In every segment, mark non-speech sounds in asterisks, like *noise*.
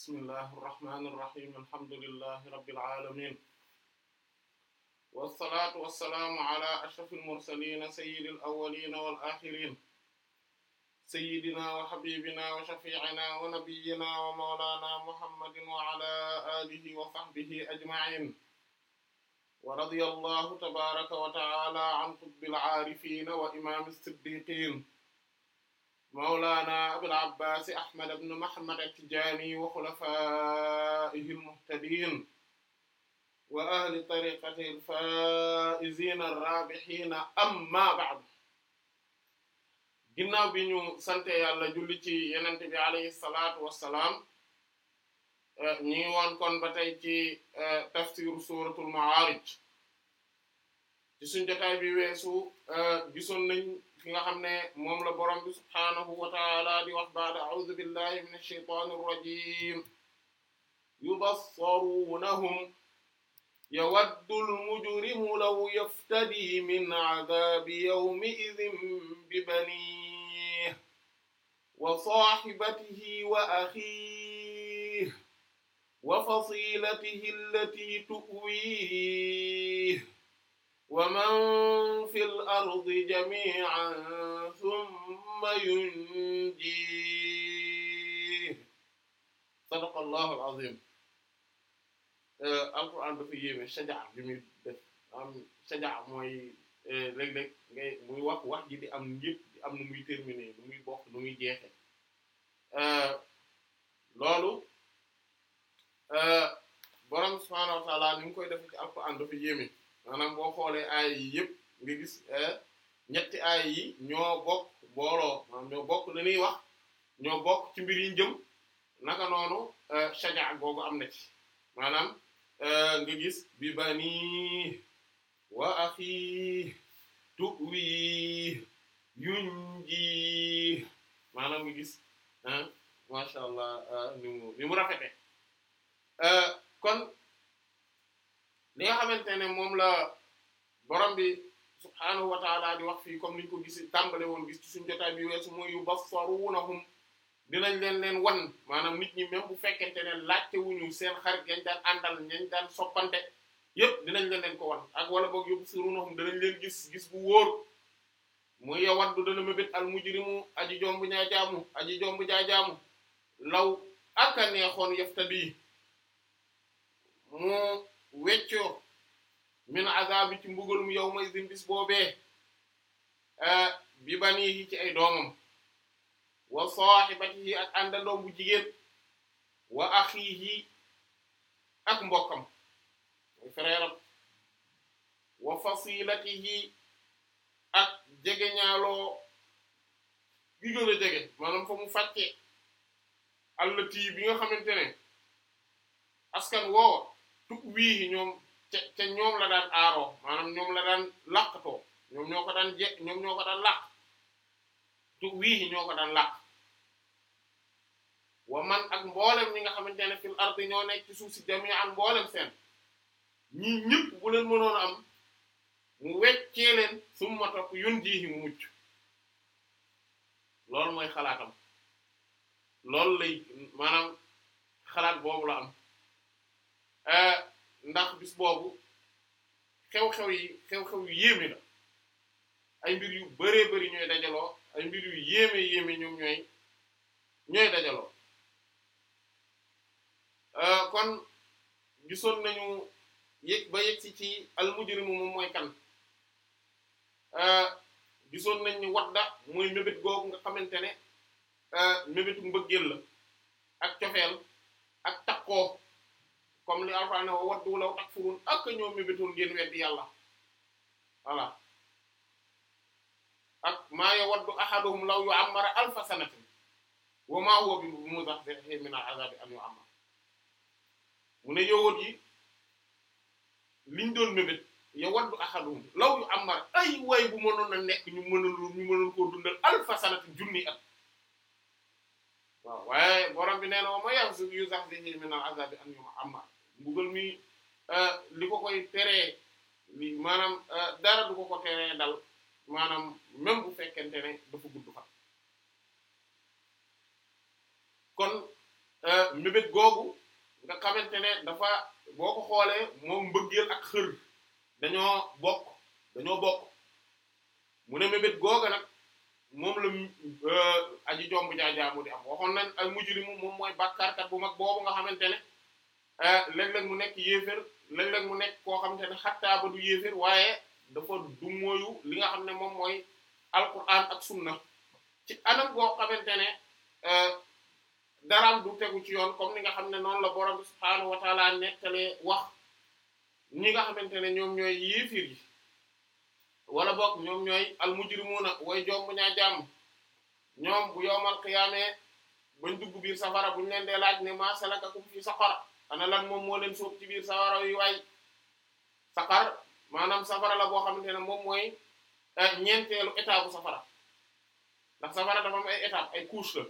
bismillahi irrahmani irrahim alhamdulillahi rabbil alamin wassalatu wassalaamu ala ashraf almursalina sayidi al awalina wal axirin sayidina wa xabibina wa shafiina wa nabiyina wa mawlana muhammadin wa ala alihi wa sahbihi ajmain wa radiya allahu tabaraka wa taala an qutbil aarifina wa imam siddiqin mawlaana abul abbaasi ahmad ibn muhammad at-tijaani wa xulafaa'ihi al-muhtadiin wa ahli tariqati al-faa'iziina ar-raabihiina ammaa ba'du ginnaaw bi ñu sante yàlla julli ci yenente bi alayhi salaatu wassalaam ñi ngi woon kon ba tey ci eh, tafsiru suuratul ma'aarij ci suñu jotaay bi weesu eh, gisoon nañ ki nga xam ne moom la borom bi subhaanahu wa taala di wax baada a'uudu billahi min ash-shaytaani ir-rajiim yubassaruunahum yawaddul mujrimu law yaftadi min adaabi yawmi'idhin bi baniihi wa saahibatihi wa akhiihi wa fasiilatihi allatii tu'wiihi ومن في الأرض جميعا ثم ينجيه صدق الله العظيم alquran dafa yéeme sajaa bi muy def am sajaa mooy euh, léeg-léeg ngay muy wax wax ji di am yëpp di am nu muy terminer nu muy bokk nu muy jeexe euh, loolu euh, borom subhaanahu wa taala ni mu koy def ci alquran dafa yéeme maanaam boo xoolee aay yi yëpp nga gis eh, ñetti aay yi ñoo bokk booloo maanaam ñoo bokk li ñuy wax ñoo bokk ci mbir yi jëm naka noonu eh, shaja googu am na ci maanaam eh, nga gis bi bani wa axi tuwi yunji maanaam nga gis ah allah ni mu ni rafete kon li nga xamante ne moom la borom bi subhaanahu wa taala di wax fii comme niñ ko gis tàmbale woon gis ci suñu jotaay bi weesu mooy yu bassaruunahum dinañ leen leen wan maanaam nit ñi même bu fekkente ne laajte wuñu seen xarit yañ daan àndal yañ daan soppante yépp dinañ leen leen ko wan ak wala boog yu bassaruunahum dinañ leen gis gis bu wóor muy yawat du dana mébét al mujrimu aji jomb jaajaamu aji jomb jaajaamu law aka neexoon yafta bii mu weccoo min azabi ci mbugalum yawma idin bis boobee eh, bi banihi ci ay doomam wa sahibatihi ak àndandoom bu jigéen wa akhihi ak mbokkam muy frère am wa fasilatihi ak jegeñaaloo gi gën a jege maanaam fa mu fàccee allati bi nga xamante ne askan woowa tub wii ñoom te te ñoom la daan aaroo maanaam ñoom la daan làqtoo ñoom ñoo ko daan je ñoom ñoo ko daan làq tub wii ñoo ko daan làq wa man ak mboolem ñi nga xamante ne fil ardi ñoo nekk ci suuf si jamii ak mboolem seen ñi ñëpp bu leen mënoon am mu weccee leen summa topp yun jii mu mucc loolu mooy xalaatam loolu lay maanaam xalaat boobu la am Eh, ndax bis boobu xew-xew yi xew-xew yu yéeme la ay mbir yu bëree bëri ñooy dajaloo ay mbir yu yéeme yéeme ñoom ñooy ñooy dajaloo eh, kon gisoon nañu yëg ba yëg si ci almujrimu moom mooy kan eh, gisoon nañ ni wadda mooy mébét googu nga xamante ne mébétu mbëggeel la ak cofeel ak takkoo comme li Alxuraan wa waddu law takfuruun ak ñoom mi betoon ngeen weddi yàlla voilà ak maa yawaddu ahaduhum law yu'ammara alfa sanatin wa maa huwa bi muzahzihi min al'azabi an yu'ammar mu ne yowoot yi liñ doon mébét yawaddu ahaduhum law yu'ammara ay way bu mënoon a nekk ñu mënoon ñu mënoon koo alfa sanatin junni at waaw borom bi nee na wa maa huwa bi muzahzihi min al'azabi an yu'ammar mbugal mi euh, li ko koy teree li maanaam euh, dara du ko ko teree dal maanaam même bu fekkente ne dafa gudd fa kon euh, mébét googu nga xamante ne dafa boo ko xoolee moom mbëggeel ak xër dañoo bokk dañoo bokk mu ne mébét googa nag moom la aji jomb jaajaamu di am waxoon nañ al mujrimu moom mooy bàkkaarkat bu mag boobu nga xamante ne Ah, léeg-léeg mu nekk yéefér léeg-léeg mu nekk koo xamante ne xattaa ba du yéefér waaye dafa du mooyu li nga xam ne moom mooy alquran ak sunna ci anam boo xamante ne ah, daraam du tegu ci yoon comme ni nga xam ne noonu la borom bi subhaanahu wa taala nettale wax ñi nga xamante ne ñoom ñooy yéefér yi wala boog ñoom ñooy almujrimuuna way jom bu ñaa jàmm ñoom bu yowmal qiyaamee bañ dugg biir safara buñ leen dee laaj ne ma salakakum fi safara ana lan moom moo leen sóob ci biir sawara yi waay saqar maanaam safara la boo xamante ne moom mooy eh, ñeenteelu état bu safara ndax safara dafa ay étape ay couche la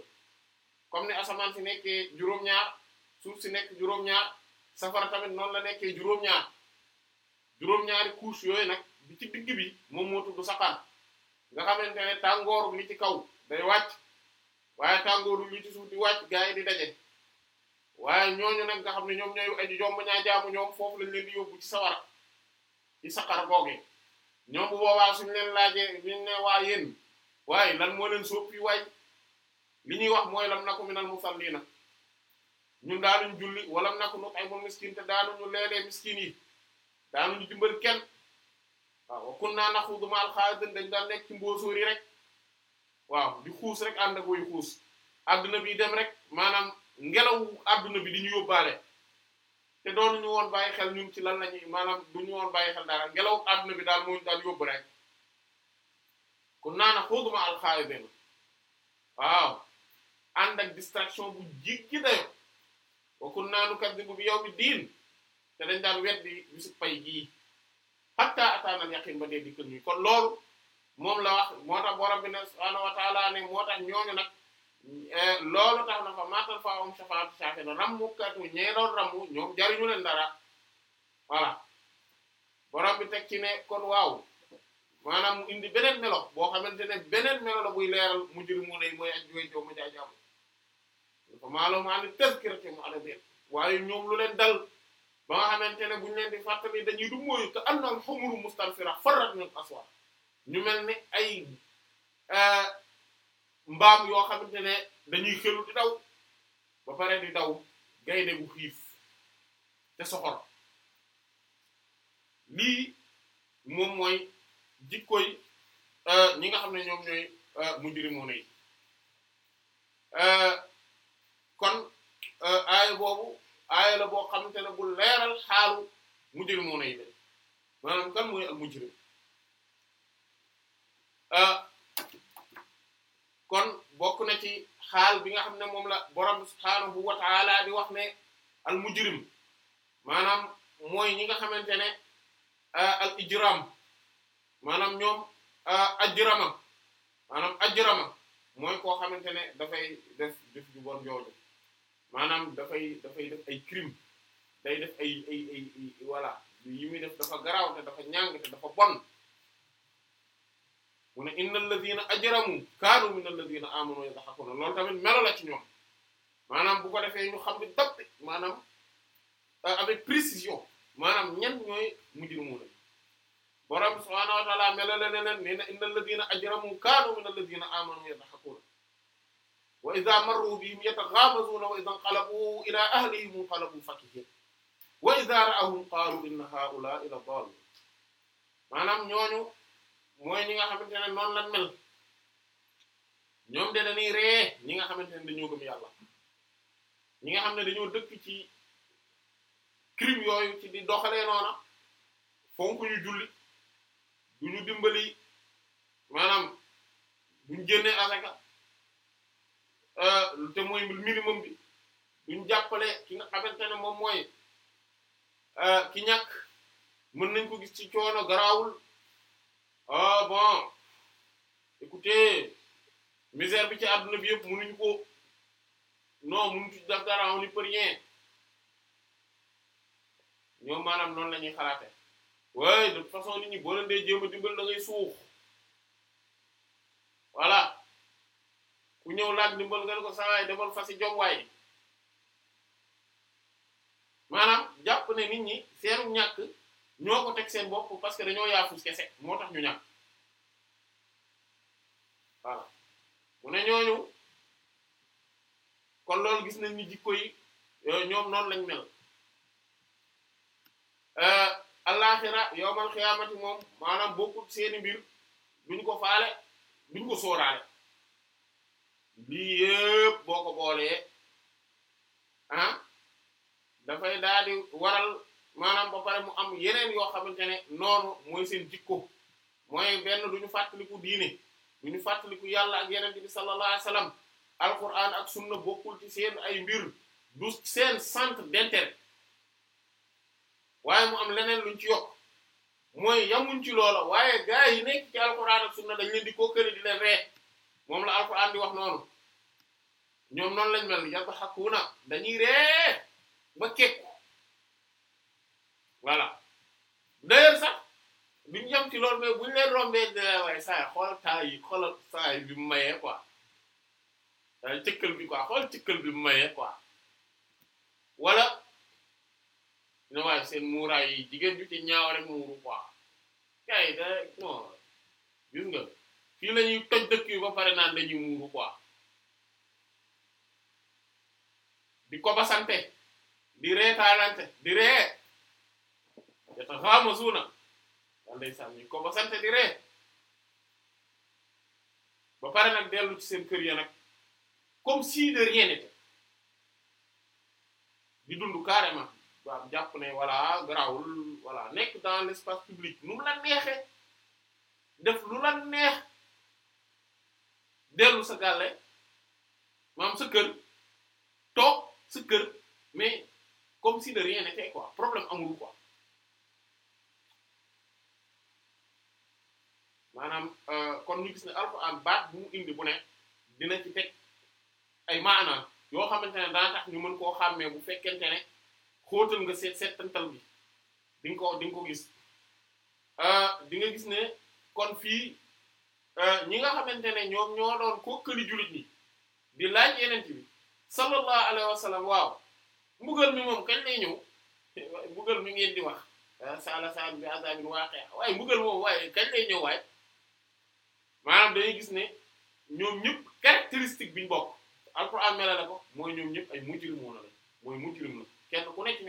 comme ni asamaan si nekkee juróom-ñaar suuf si nekk juróom-ñaar safara tamit noonu la nekkee juróom-ñaar juróom-ñaari yooyu nag bi ci digg bi moom moo tudd saqar nga xamante ne tàngooru li ci kaw day wàcc waaye tàngooru li ci suuf di wàcc gaa yi di daje waaye ñooñu nag nga xam ne ñoom ñooy aji jomb ñaa jaamu ñoom foofu lañ leen di yóbbu ci sawara ci saqar googe ñoom bu boobaa leen laajee ñu ne waa waaye lan moo leen soppi waay li ñuy wax mooy lam naku minal musallina ñun daanuñ julli wala naku nut'imul miskin te daanuñu leelee miskin yi daanuñu dimbal kenn waaw wa kunna naxuudu ma'al xaadidiin dañ daan nekk ci mbóosóor rek waaw di xuus rek ànd ak wuy xuus àdduna bi dem rek ngelaw àdduna bi di ñu yóbbaale te doonuñu woon bàyyi xel ñu ci lan la ñuy maanaam duñu woon bàyyi xel dara ngelaw adduna bi daal moo ñu daal yóbbu rek kon naana xooguma alxaayidin waaw ànd ak distraction bu jéggi dayo wakun naanu kaddibu bi yawmi diin te dañ daan weddi bisu pay gii hatta ataanal yaqin ba dee dikkal ñuy kon loolu moom la wax moo tax borom bi ne subhaanahu wa ne moo tax ñooñu nag Eh, loolu tax na fa maatal fa am safaatu saafi na rammukat wu ñee doon rammu ñoom jariñu leen dara voilà borom bi teg ci ne kon waaw maanaam mu indi beneen melo boo xamante ne beneen melo la buy leeral mujrimuuna yi mooy a wéy joo ma jaay jaamu ko maaloo maa mu ala biir waaye ñoom lu leen dal ba nga xamante ne buñu leen di fàttali dañuy du mooyu te am na xumuru mustalsira farrat min aswar ñu mel ni ay eh, mbaam yoo xamante ne dañuy xelu di daw ba pare di daw gaynde gu xiif te soxor lii moom mooy jikkoy euh, ñi nga xam ne ñoom ñooy euh, mujrimuna yi euh, kon aaya boobu aaya la boo xamante ne bu leeral xaalu mujrimuna yi la maanaam kan mooy ak mujrim ah kon bokk na ci xaal bi nga xam ne moom la borom bu wa ta'ala di wax ne al mujrim maanaam mooy ñi nga xamante ne euh, al ijram maanaam ñoom euh, ajrama maanaam ajrama mooy koo xamante ne dafay def def ju bon jooju maanaam dafay dafay def ay crime day def ay ay ay voilà yi muy def dafa garaaw te dafa ñàng te dafa bon mu ne innal ladina ajramu kaanu minal ladina amanu yadhakuna loolu tamit melo la ci ñoom maanaam bu ko defee ñu xam ne dab maanaam euh, avec précision maanaam ñan ñooy mujrimuna borom subhaanahu wa ta'aala melale leneen nee na innal ladina ajramu kaanu minal ladina amanu yadhakuna wa idha marru bihim yataghamazuna wa idha inqalabu ila ahlihim inqalabu fakihin wa idha ra'awhum qaalu inna haa'ulaa'i la daalluun maanaam ñooñu. mooy ñi nga xamante ne noonu lañ mel ñoom de dañuy ree ñi nga xamante ne dañoo gëm yàlla ñi nga xam ne dañoo dëkk ci crime yooyu ci di doxalee noona fonk ñu juli du ñu dimbali maanaam duñ jëne asaka euh, te mooy minimum bi duñ jàppale ki nga xamante ne moom mooy euh, ki ñàkk mën nañ ko gis ci coono garaawul ah bon écoutez misère bi ci àdduna bi yëpp mënuñu ko non mënuñu ci def dara on n'y ñoom maanaam noonu la ñuy xalaate waaye de façon nit ñi boo leen dee jéem a dimbali da ngay suux voilà ku ñëw laaj dimbal nga ne ko sawaay defal fasi jom waaye maanaam jàpp ne nit ñi seeru ñàkk ñoo ko teg seen bopp parce que dañoo yaafus kese moo tax ñu ñàkk mu ne ñooñu kon loolu gis nañ ni jikko yi ñoom noonu lañ mel euh, alaxira yowmal xiyaamati moom maanaam bokkul seeni mbir duñ ko faale duñ ko sóoraale lii yëpp boo ko boolee ah dafay daal waral maanaam ba pare mu am yeneen yoo xamante ne noonu mooy seen jikko mooy benn ñu fàttaliku diine duñu fàttaliku yàlla ak yeneen bi sallallahu alayhi wasallam alquran ak sunna bokkul ci seen ay mbir du seen sant d'intérêt waaye mu am leneen luñ ci yokk mooy yamuñ ci loola waaye gaa yi nekk ci alquran ak sunna dañ leen di ko këri di leen ree moom la alquran di wax noonu ñoom noonu lañ mel yadhakuna dañuy ree ba kekku ci loolu mais buñ leen rombee dina waaye saa yi xoolal taa yi xoolal saa bi mu mayee quoi waaye euh, bi quoi xool cëkkal bi mu mayee quoi wala ne waaye seen muuraay yi jigéen ci ñaaw rek muuru quoi kay da non gis nga fii la ñuy toj dëkk yi ba pare naan dañuy muuru quoi di ko ba sante di reetaalante di ree yataxaamasuuna ndeysaan ñu ko ba sant di ree ba pare nag dellu ci sen kër ya nag comme si de rien n'était di dund carrément waaw jàpp ne voilà garaawul voilà nekk dans l'espace public nu mu a neexee def lu la neex dellu sa gàlle maam sa kër toog sa kër mais comme si de rien n'était problème amul ko maanaam euh, kon ñu gis ne alquran baat bu undi bu ne dina ci teg ay maana yoo xamante ne daa tax ñu mën koo xàmmee bu fekkente ne xóotal nga set seetantal bi di nga ko di ko gis euh, di nga gis ne kon fii euh, ñi nga xamante ne ñoom ñoo doon kokkali jullit ñi di laaj yeneen bi sallallahu alayhi wa sallam waaw mbugal mi moom kañ lay ñëw *laughs* mbugal mi ngeen di wax sala saan bi azabin waaqi waaye mbugal moom waaye kañ lay ñëw waaye maanaam dañuy gis ne ñoom ñëpp caractéristique bi ñu bokk alxuraan mel na ko mooy ñoom ay mujrimuuna la mooy mujrim la kenn ku nekk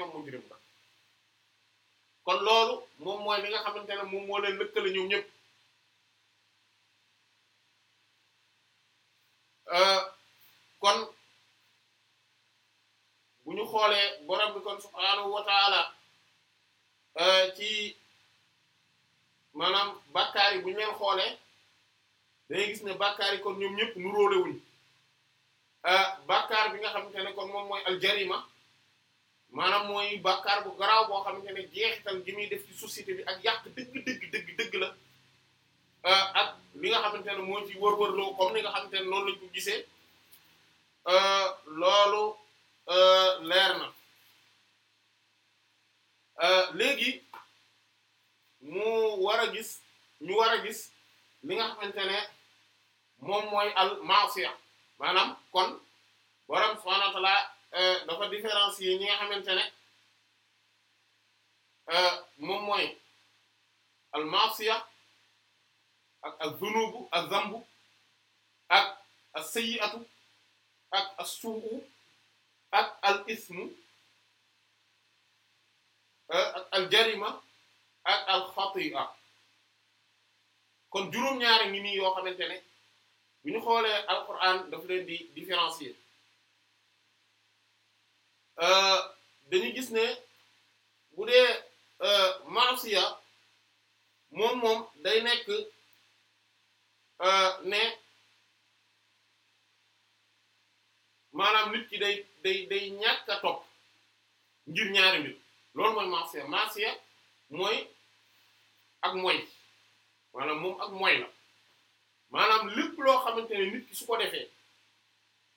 loolu moom mooy li nga xamante ne moom moo leen lëkkale ñoom ñëpp euh, kon bu ñu xoolee borom bi kon subhaanahu wa euh, ci maanaam bakkaar yi bu ñu leen xoolee dangay gis ne bàkkaar yi kon ñoom ñëpp nu róole wuñ ah, bàkkaar bi nga xamante ne kon moom mooy aljarima maanaam mooy bàkkaar bu garaaw boo xamante ne jeexital gi muy def ci société bi ak yàq dëgg dëgg dëgg dëgg la ah, ak li nga xamante ne moo ci wër-wër loo comme ni nga xamante ne noonu lañ ko gisee ah, loolu leer na léegi mu war a gis ñu war a gis li nga xamante ne moom mooy al maasiya maanaam kon borom subhanahu wa ta'ala euh, dafa différencier ñi nga xamante ne euh, moom mooy al maasiya ak ak zunubu ak zambu ak as sayyi'atu ak as al ismu euh, ak al jarima a al xati'a kon juróom-ñaari ngi nii yoo bu ñu xoolee alquran daf leen di différencier euh, dañu gis ne bu dee euh, marsiya moom moom day nekk euh, ne maanaam nit ki day day day ñàkk a topp ngir ñaari nit loolu mooy marsiya marsiya mooy ak moy maanaam moom ak moy la maanaam lépp loo xamante ni su ko defee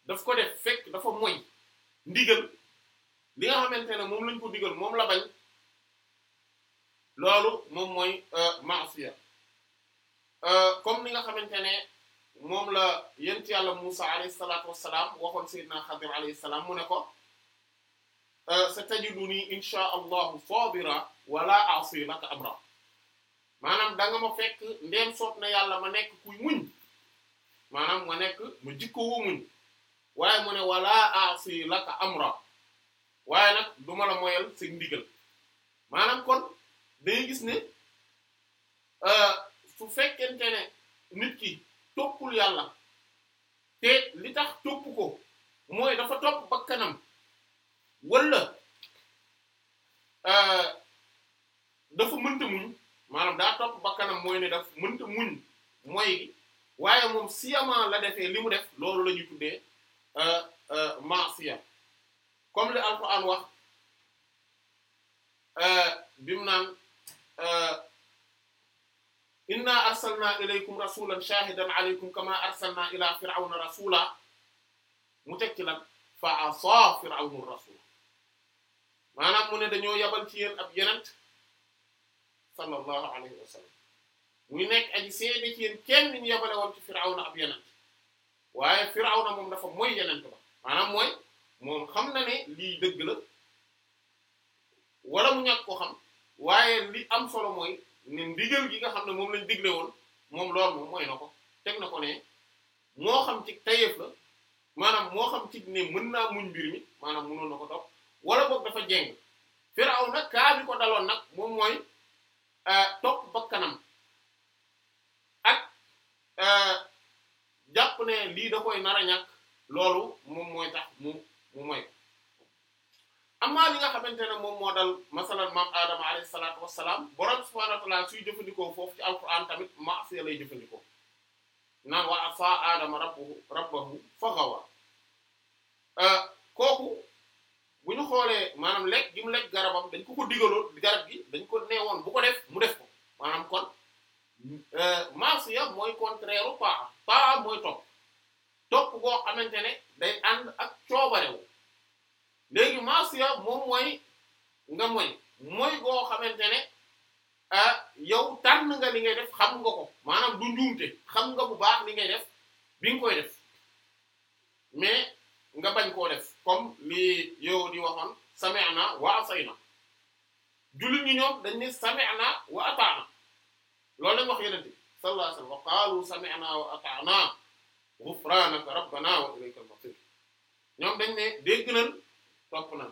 daf ko def fekk dafa moy ndigal li nga xamante ne moom lañ ko digal moom la bay loolu moom mooy euh, maasiya euh, comme ni nga xamante ne moom la yent yàlla Musa alayhi salaatu wassalaam waxoon Seydina Xadir alayhi salaam mu ne ko euh, satajiduni insha allahu sabira wala asi laka amra maanaam da ma fekk ndeem soob na yàlla ma nekk kuy muñ maanaam ma nekk ma jikkoowu muñ waaye mu ne wala asi laka amra waaye nag du la moyal seen ndigal maanaam kon day gis ne fu euh, fekkente ne nit ki toppul yàlla te li tax topp ko mooy dafa topp bakkanam wala euh, dafa mënta muñ maanaam daa topp bakkanam mooy ne daf mënta muñ mooy gi waaye moom siyama la defee li mu def loolu la ñuy tuddee euh, euh, maasiya comme li alquran wax euh, bi mu naan inna arsalna ilaykum rasulan shahidan alaykum kama arsalna ila fir'auna rasula mu teg ci lan fa asa fir'aunu rasula maanaam mu dañoo yabal ci yéen ab yenent sallallahu alayhi wa sallam muy nekk aji seede ci yéen kenn ni ñu yebale woon ci na ab yenent waaye firawna moom dafa mooy yenent ba maanaam mooy moom xam na ne lii dëgg la wala mu ñàkk ko xam waaye li am solo mooy ne ndigal gi nga xam ne moom lañ digle woon moom lool moom mooy na ko teg na ko ne moo xam ci tayeef la maanaam moo xam ci ne mën naa muñ mbir mi maanaam mënoon na ko topp wala boog dafa jeng firaw nag kaa bi ko daloon nag moom mooy Euh, topp kanam ak euh, jàpp ne lii da koy nar a ñàkk loolu moom mooy tax mu mu moy amma nga xamante ne moom moo dal masalan maam aadama alayhi salaatu wassalaam suy jëfandikoo foofu ci alquran tamit maasiya lay jëfandikoo naan wa asaa aadama rabbahu rabbahu fa gawa euh, kooku bu ñu xoolee maanaam lekk gi mu lekk garabam dañ ko ko digaloon garab gi dañ ko neewoon bu ko def mu def ko maanaam kon euh, ya mooy contraire u paa paa mooy topp topp boo xamante ne day ànd ak coobarewu léegi maasiya moom mooy nga moy mooy boo xamante ne euh, yow tànn nga li ngay def xam nga ko maanaam du njuumte xam nga bu baax li ngay def bi nga koy def mais nga bañ ko def comme li yow di waxoon sami'na wa asayna jullit ñi ñoom dañ ne sami'na wa ata'na loolu lañ wax yenente bi sallallahu alayhi wa sallam wa qaalu sami'na wa ata'na ghufranaka rabbana wa ilayka al ñoom dañ ne dégg nañ topp nañ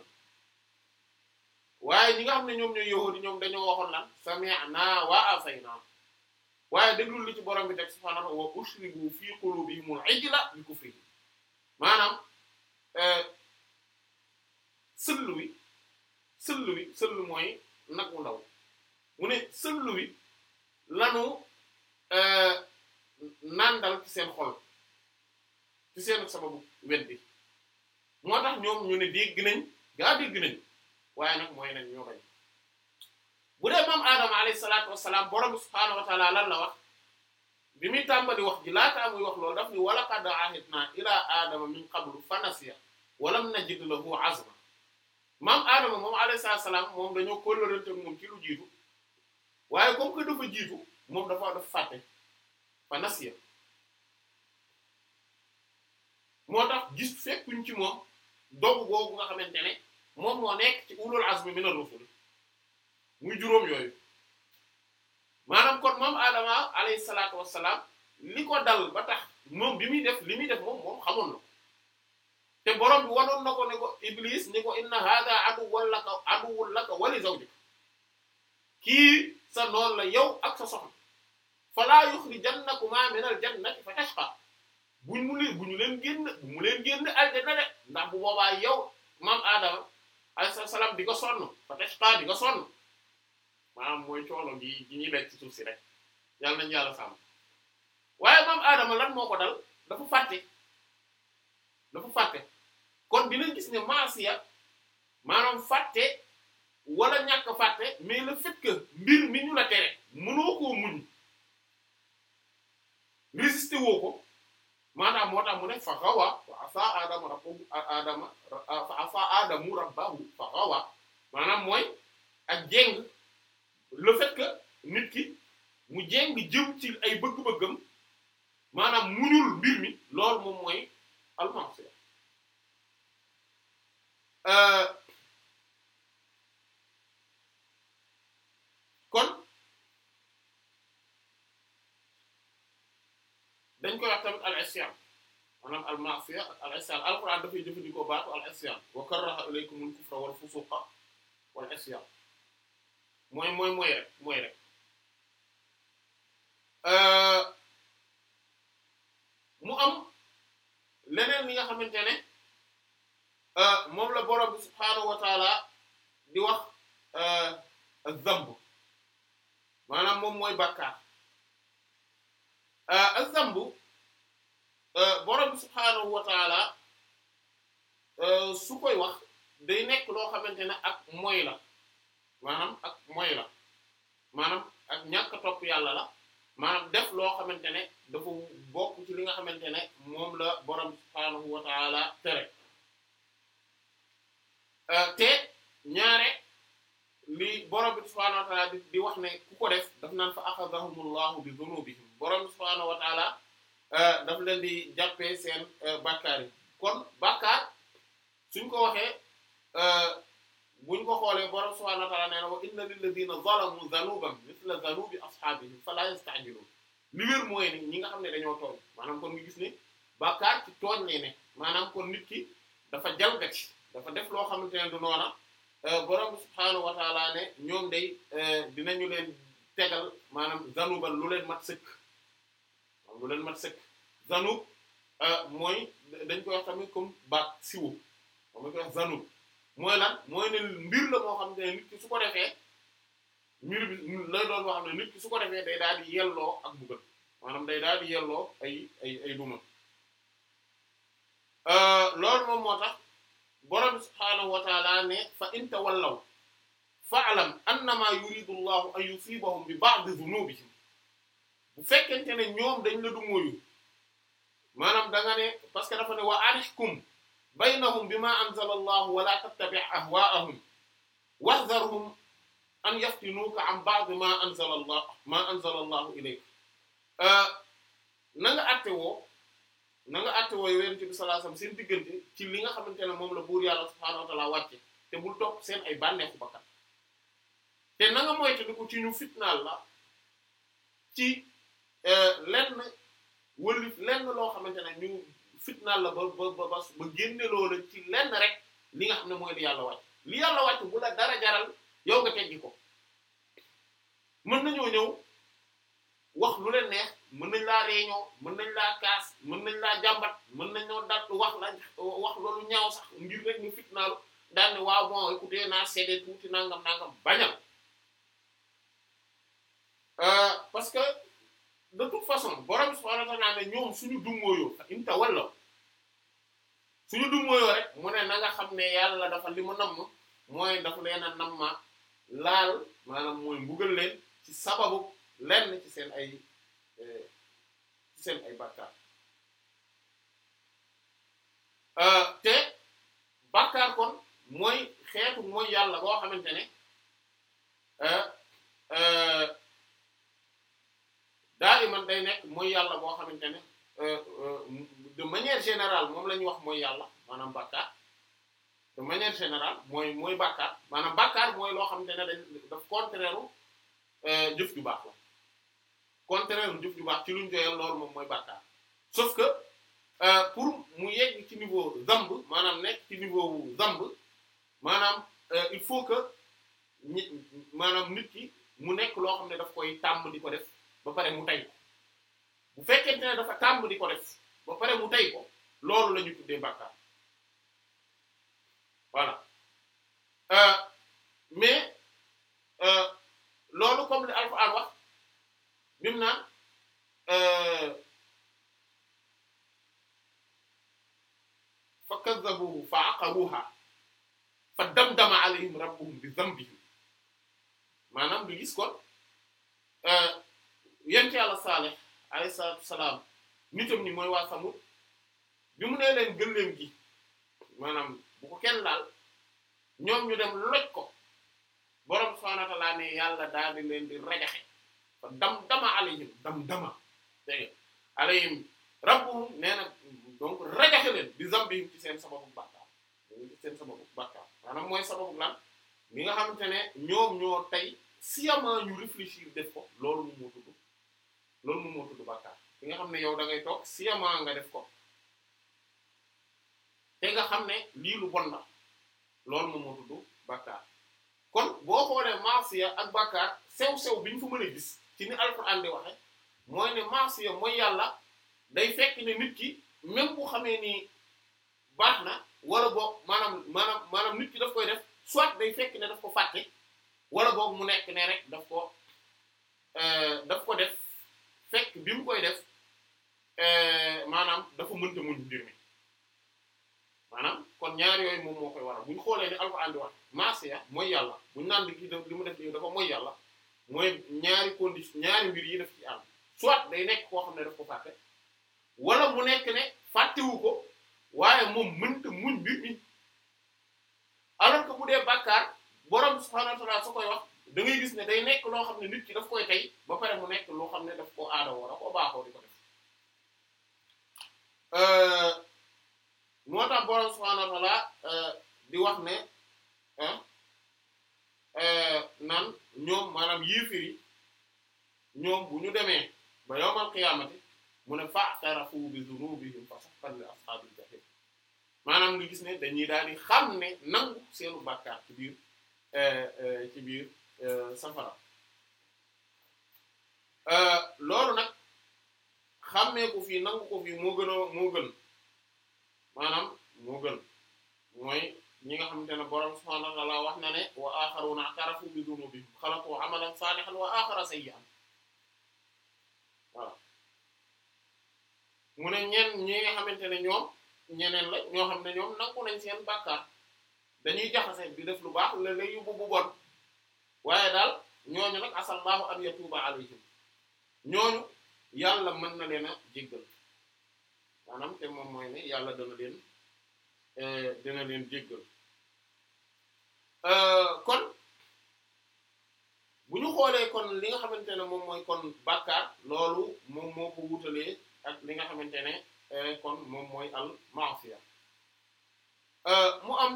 waaye ñi nga xam ne ñoom ñooy yahudi ñoom dañoo waxoon lan sami'na wa asayna waaye déglul li ci borom bi teg subhaanahu wa ushribu fi qulubihimul ijla bi kufrihim maanaam sëll wi sëll wi sëll mooy nag wu ndaw mu ne sëll wi lanu euh, nandal ci seen xol seen sababu weddi moo tax ñoom ñu ne dégg nañ gaa dégg nañ waaye nag mooy nañ ñoo bañ bu dee moom aadama alayhi salaatu wassalaam borom subhaanahu wa taala lan la wax bi muy tàmbali wax ji laataa muy wax loolu daf ni wala qad ahidna ila adama min qablu fanasiya walam najid lahu azma maam adama moom alayhi salaam moom dañoo kóllërante moom ci dafa jiitu moom dafa daf fàtte fanasiya moo tax gis fekkuñ ci moom dogu googu nga xamante ne moom moo nekk ci ulul azmi min ar-rusul muy juróom yooyu maanaam kon moom Adama alayhi salaatu wassalaam li ko dal ba tax moom bi muy def li def moom moom xamoon na te borom bi wanoon na ko ne ko Iblis ni ko inna hada aduwwun laka aduwwun laka wa li zawjik kii sa noon la yow ak sa soxna fala yukhrijannakuma min al-jannati fa tashqa buñ mu leen bu ñu leen génn bu mu leen génn aljanna de ndax bu boobaa yow maam Adama alayhi salaam di ko sonn fa tashqa di ko sonn. maanaam mooy coono gi gi ñuy suuf si rek yàlla nañu yàlla sàmm waaye moom aadama lan moo ko dal dafa fàtte dafa fàtte kon dinañ gis ne maasiya maanaam fàtte wala ñàkk fàtte mais le fait que mbir mi ñu la tere mënoo koo muñ résister woo ko maanaam moo tax ne fa xawa fa afa aadama rabbahu fa afa aadamu rabbahu mooy ak jéng le fait que nit ki mu jéng jëw ci ay bëgg-bëggam maanaam muñul mbir mi lool moom mooy almancer euh, kon dañ koy wax tamit al isyan maanaam al ma'siya ak al isyan alquran dafay jëfandikoo baatu al isyan wa karaha ilaykumul kufra wal fusuqa wal isyan mooy mooy mooy rek mooy rek euh, mu am leneen li nga xamante ne euh, moom la borom bi subhaanahu wa taala di wax euh, az-zamb maanaam moom mooy bàkkaar a zamb borom bi subhaanahu wa su koy wax day nekk loo xamante ne ak moy la maanaam ak moy la maanaam ak ñàkk topp yàlla la maanaam def loo xamante ne dafu bokk li nga xamante ne moom la borom subhaanahu wa taala tere euh, te li borom bi subhaanahu di wax ne ku ko def daf naan fa axadahumullahu bi dunubihim borom bi subhaanahu wa taala euh, daf leen di jàppee seen euh, bàkkaar kon bàkkaar suñ ko waxee bu ñu ko xoolee borom subhaanahu wa ta'aala nee na wa inna lillaziina zalamu zanuban mithla zanubi ashaabihim falaa yasta'jiluun li mooy ni ñi nga xam ne dañoo tool maanaam kon nga gis ni bàkkaar ci tooñ lay ne maanaam kon nit dafa jalgati dafa def loo xamante ne du noona euh, borom subhaanahu ñoom day euh, dinañu leen tegal maanaam zanuban lu leen mat sëkk lu leen mat sëkk zanub euh, mooy dañ koy tamit comme baat siwu moom koy wax zanub mooy lan mooy ne mbir la moo xam ne nit su ko defee mbir bi lay doon boo xam ne nit su ko defee day daal di yelloo ak buggal maanaam day daal di yelloo ay ay ay duma euh, loolu moom moo tax borom subhaanahu wa taala ne fa in tawallaw fa'lam annama yuridu llahu an yusibahum bi ba'di dhunubihim bu fekkente ne ñoom dañ la du moyu maanaam da ne parce que dafa ne wa arihkum baynahum bima anzala allahu wala tattabi' ahwaahum wahdharhum an yaftinuuka an ba'd ma anzala allah ma anzala allahu ilayk euh, na nga woo na nga àtte woo yonent bi sallallahu alayhi seen diggante ci li nga xamante ne moom la buur yàlla subhaanahu wa ta'aala te bul topp seen ay bànneexu bakkan te na nga moytandiku ci ñu fitnaal la ci euh, lenn loo xamante ne fitnaal la ba ba ba ba génneloo la ci lenn rek li nga xam ne mooy li yàlla wàcc li yàlla wàcc bu la dara jaral yow nga teggi ko mën nañoo ñëw wax lu leen neex mën nañ laa réñoo mën nañ laa kaas mën nañ laa jàmbat mën nañoo dal wax la wax loolu ñaaw sax ngir rek ñu fitnaalu daal ne waaw bon écoutez naa seede tuuti nangam nangam bañal euh, parce que de toute façon borom subhaanahu wa ta'aala ne ñoom suñu dummóoyoo fa in suñu dummóoyoo rek mu ne na nga xam ne yàlla dafa li mu namm mooy dafa leen a namma laal maanaam mooy mbugal leen ci sababu lenn ci seen ay ci seen ay bàkkaar euh, te bàkkaar kon mooy xeetu mooy yàlla boo xamante ne euh, euh, daa man day nekk mooy yàlla moo xamante ne euh, euh, de manière générale moom la ñuy wax mooy yàlla maanaam bàkkaar de manière générale mooy mooy bàkkaar maanaam bàkkaar mooy loo xamante ne dañ daf contraire u euh, jëf ju baax la contraire jëf ju baax ci lu ñu joyal loolu moom mooy bàkkaar sauf que pour mu yegg ci niveau zamb maanaam nekk ci niveau wu zamb maanaam il faut que maanaam nit ki mu nekk loo xam ne daf koy tàmm di ko def ba pare mu tey ko bu fekkente ne dafa tàmm rek ba pare mu tey ko loolu la ñu tuddee bàkkaar voilà euh, mais euh, loolu comme li Alxuraan wax mim naan euh, fa kazzabuhu fa aqaruha fa damdama alayhim rabbuhum bi dhanbihim maanaam du gis kon yent yàlla Saalih alayhi salaatu salaam nitam ni mooy waa Samut bi mu nee leen gëléem gi maanaam bu ko kenn laal ñoom ñu dem loj ko boroom subhaanahu wa ta'aala ne yàlla daal di leen di rajaxe fa dam dama alayhim dam dama dégg nga alayhim rabbuhum nee na donc rajaxe leen bi zambihim ci seen sababu bàkkaar ci mooy sababu lan mi nga xamante ne ñoom ñoo tey sciemment ñu réfléchir def ko loolu mu moo loolu moom moo tudd bàkkaar bi nga xam ne yow dangay ngay toog sciemment nga def ko te nga xam ne lii lu bon la loolu moom moo tudd bàkkaar kon boo xoolee maasiya ak bàkkaar sew-sew bi ñu fa mën a gis ci ni alxuraan di waxe mooy ne maasiya mooy yàlla day fekk ne nit ki même bu xamee ni baax na wala boog maanaam maanaam maanaam nit ki daf koy def soit day fekk ne daf ko fàtte wala boog mu nekk ne rek daf ko euh, daf ko def fekk bi mu koy def euh, maanaam dafa mënta muñ mbir mi maanaam kon ñaar yooyu moom moo koy waral bu ñu xoolee ne alxuraan di wax maasiya mooy yàlla bu ñu naan kii li mu def li dafa mooy yàlla mooy ñaari condition ñaari mbir yi def ci am soit day nekk koo xam ne daf ko fàtte wala mu nekk ne fàttewu ko waaye moom mënta muñ mbir mi alors que bu dee bàkkaar borom subhaanahu wa su koy wax. dangay gis ne day nekk loo xam ne nit ki daf koy tey ba pare mu nekk loo xam ne daf koo aada woo da koo baaxoo di ko def euh, moo tax borom subhaanahu wa euh, di wax ne nan euh, ñoom maanaam yéefir yi ñoom bu ñu demee ba yawmal qiyaamati mu ne fa'tarafu bi dhunubihim fa saqqan li ashaabil jahiim maanaam lu gis ne dañuy daal di xam ne nangu seenu bàkkaar ci biir ci biir Euh, safara euh, loolu nag xàmmee ko fii nangu ko fii moo gën a moo gën maanaam moo gën mooy ñi nga xamante ne borom subhanahu wa wax na ne wa axaruna i'tarafu bi dhunubihim xalaqu amalan salihan wa axara sayyi'an voilà mu ne ñeen ñi nga xamante ne ñoom ñeneen la ñoo xam ne ñoom nangu nañ seen bàkkaar dañuy jaxase bi def lu baax la lay yóbbu bu bon waaye daal ñooñu nag asallaahu an yatuuba alayhim ñooñu yàlla mën na leen a jéggal maanaam te moom mooy ne yàlla dana leen eh, dana leen jéggal euh, kon bu ñu xoolee kon li nga xamante ne moom mooy kon bàkkaar loolu moom moo ko wutalee ak li nga xamante ne eh, kon moom mooy al maasiya euh, mu am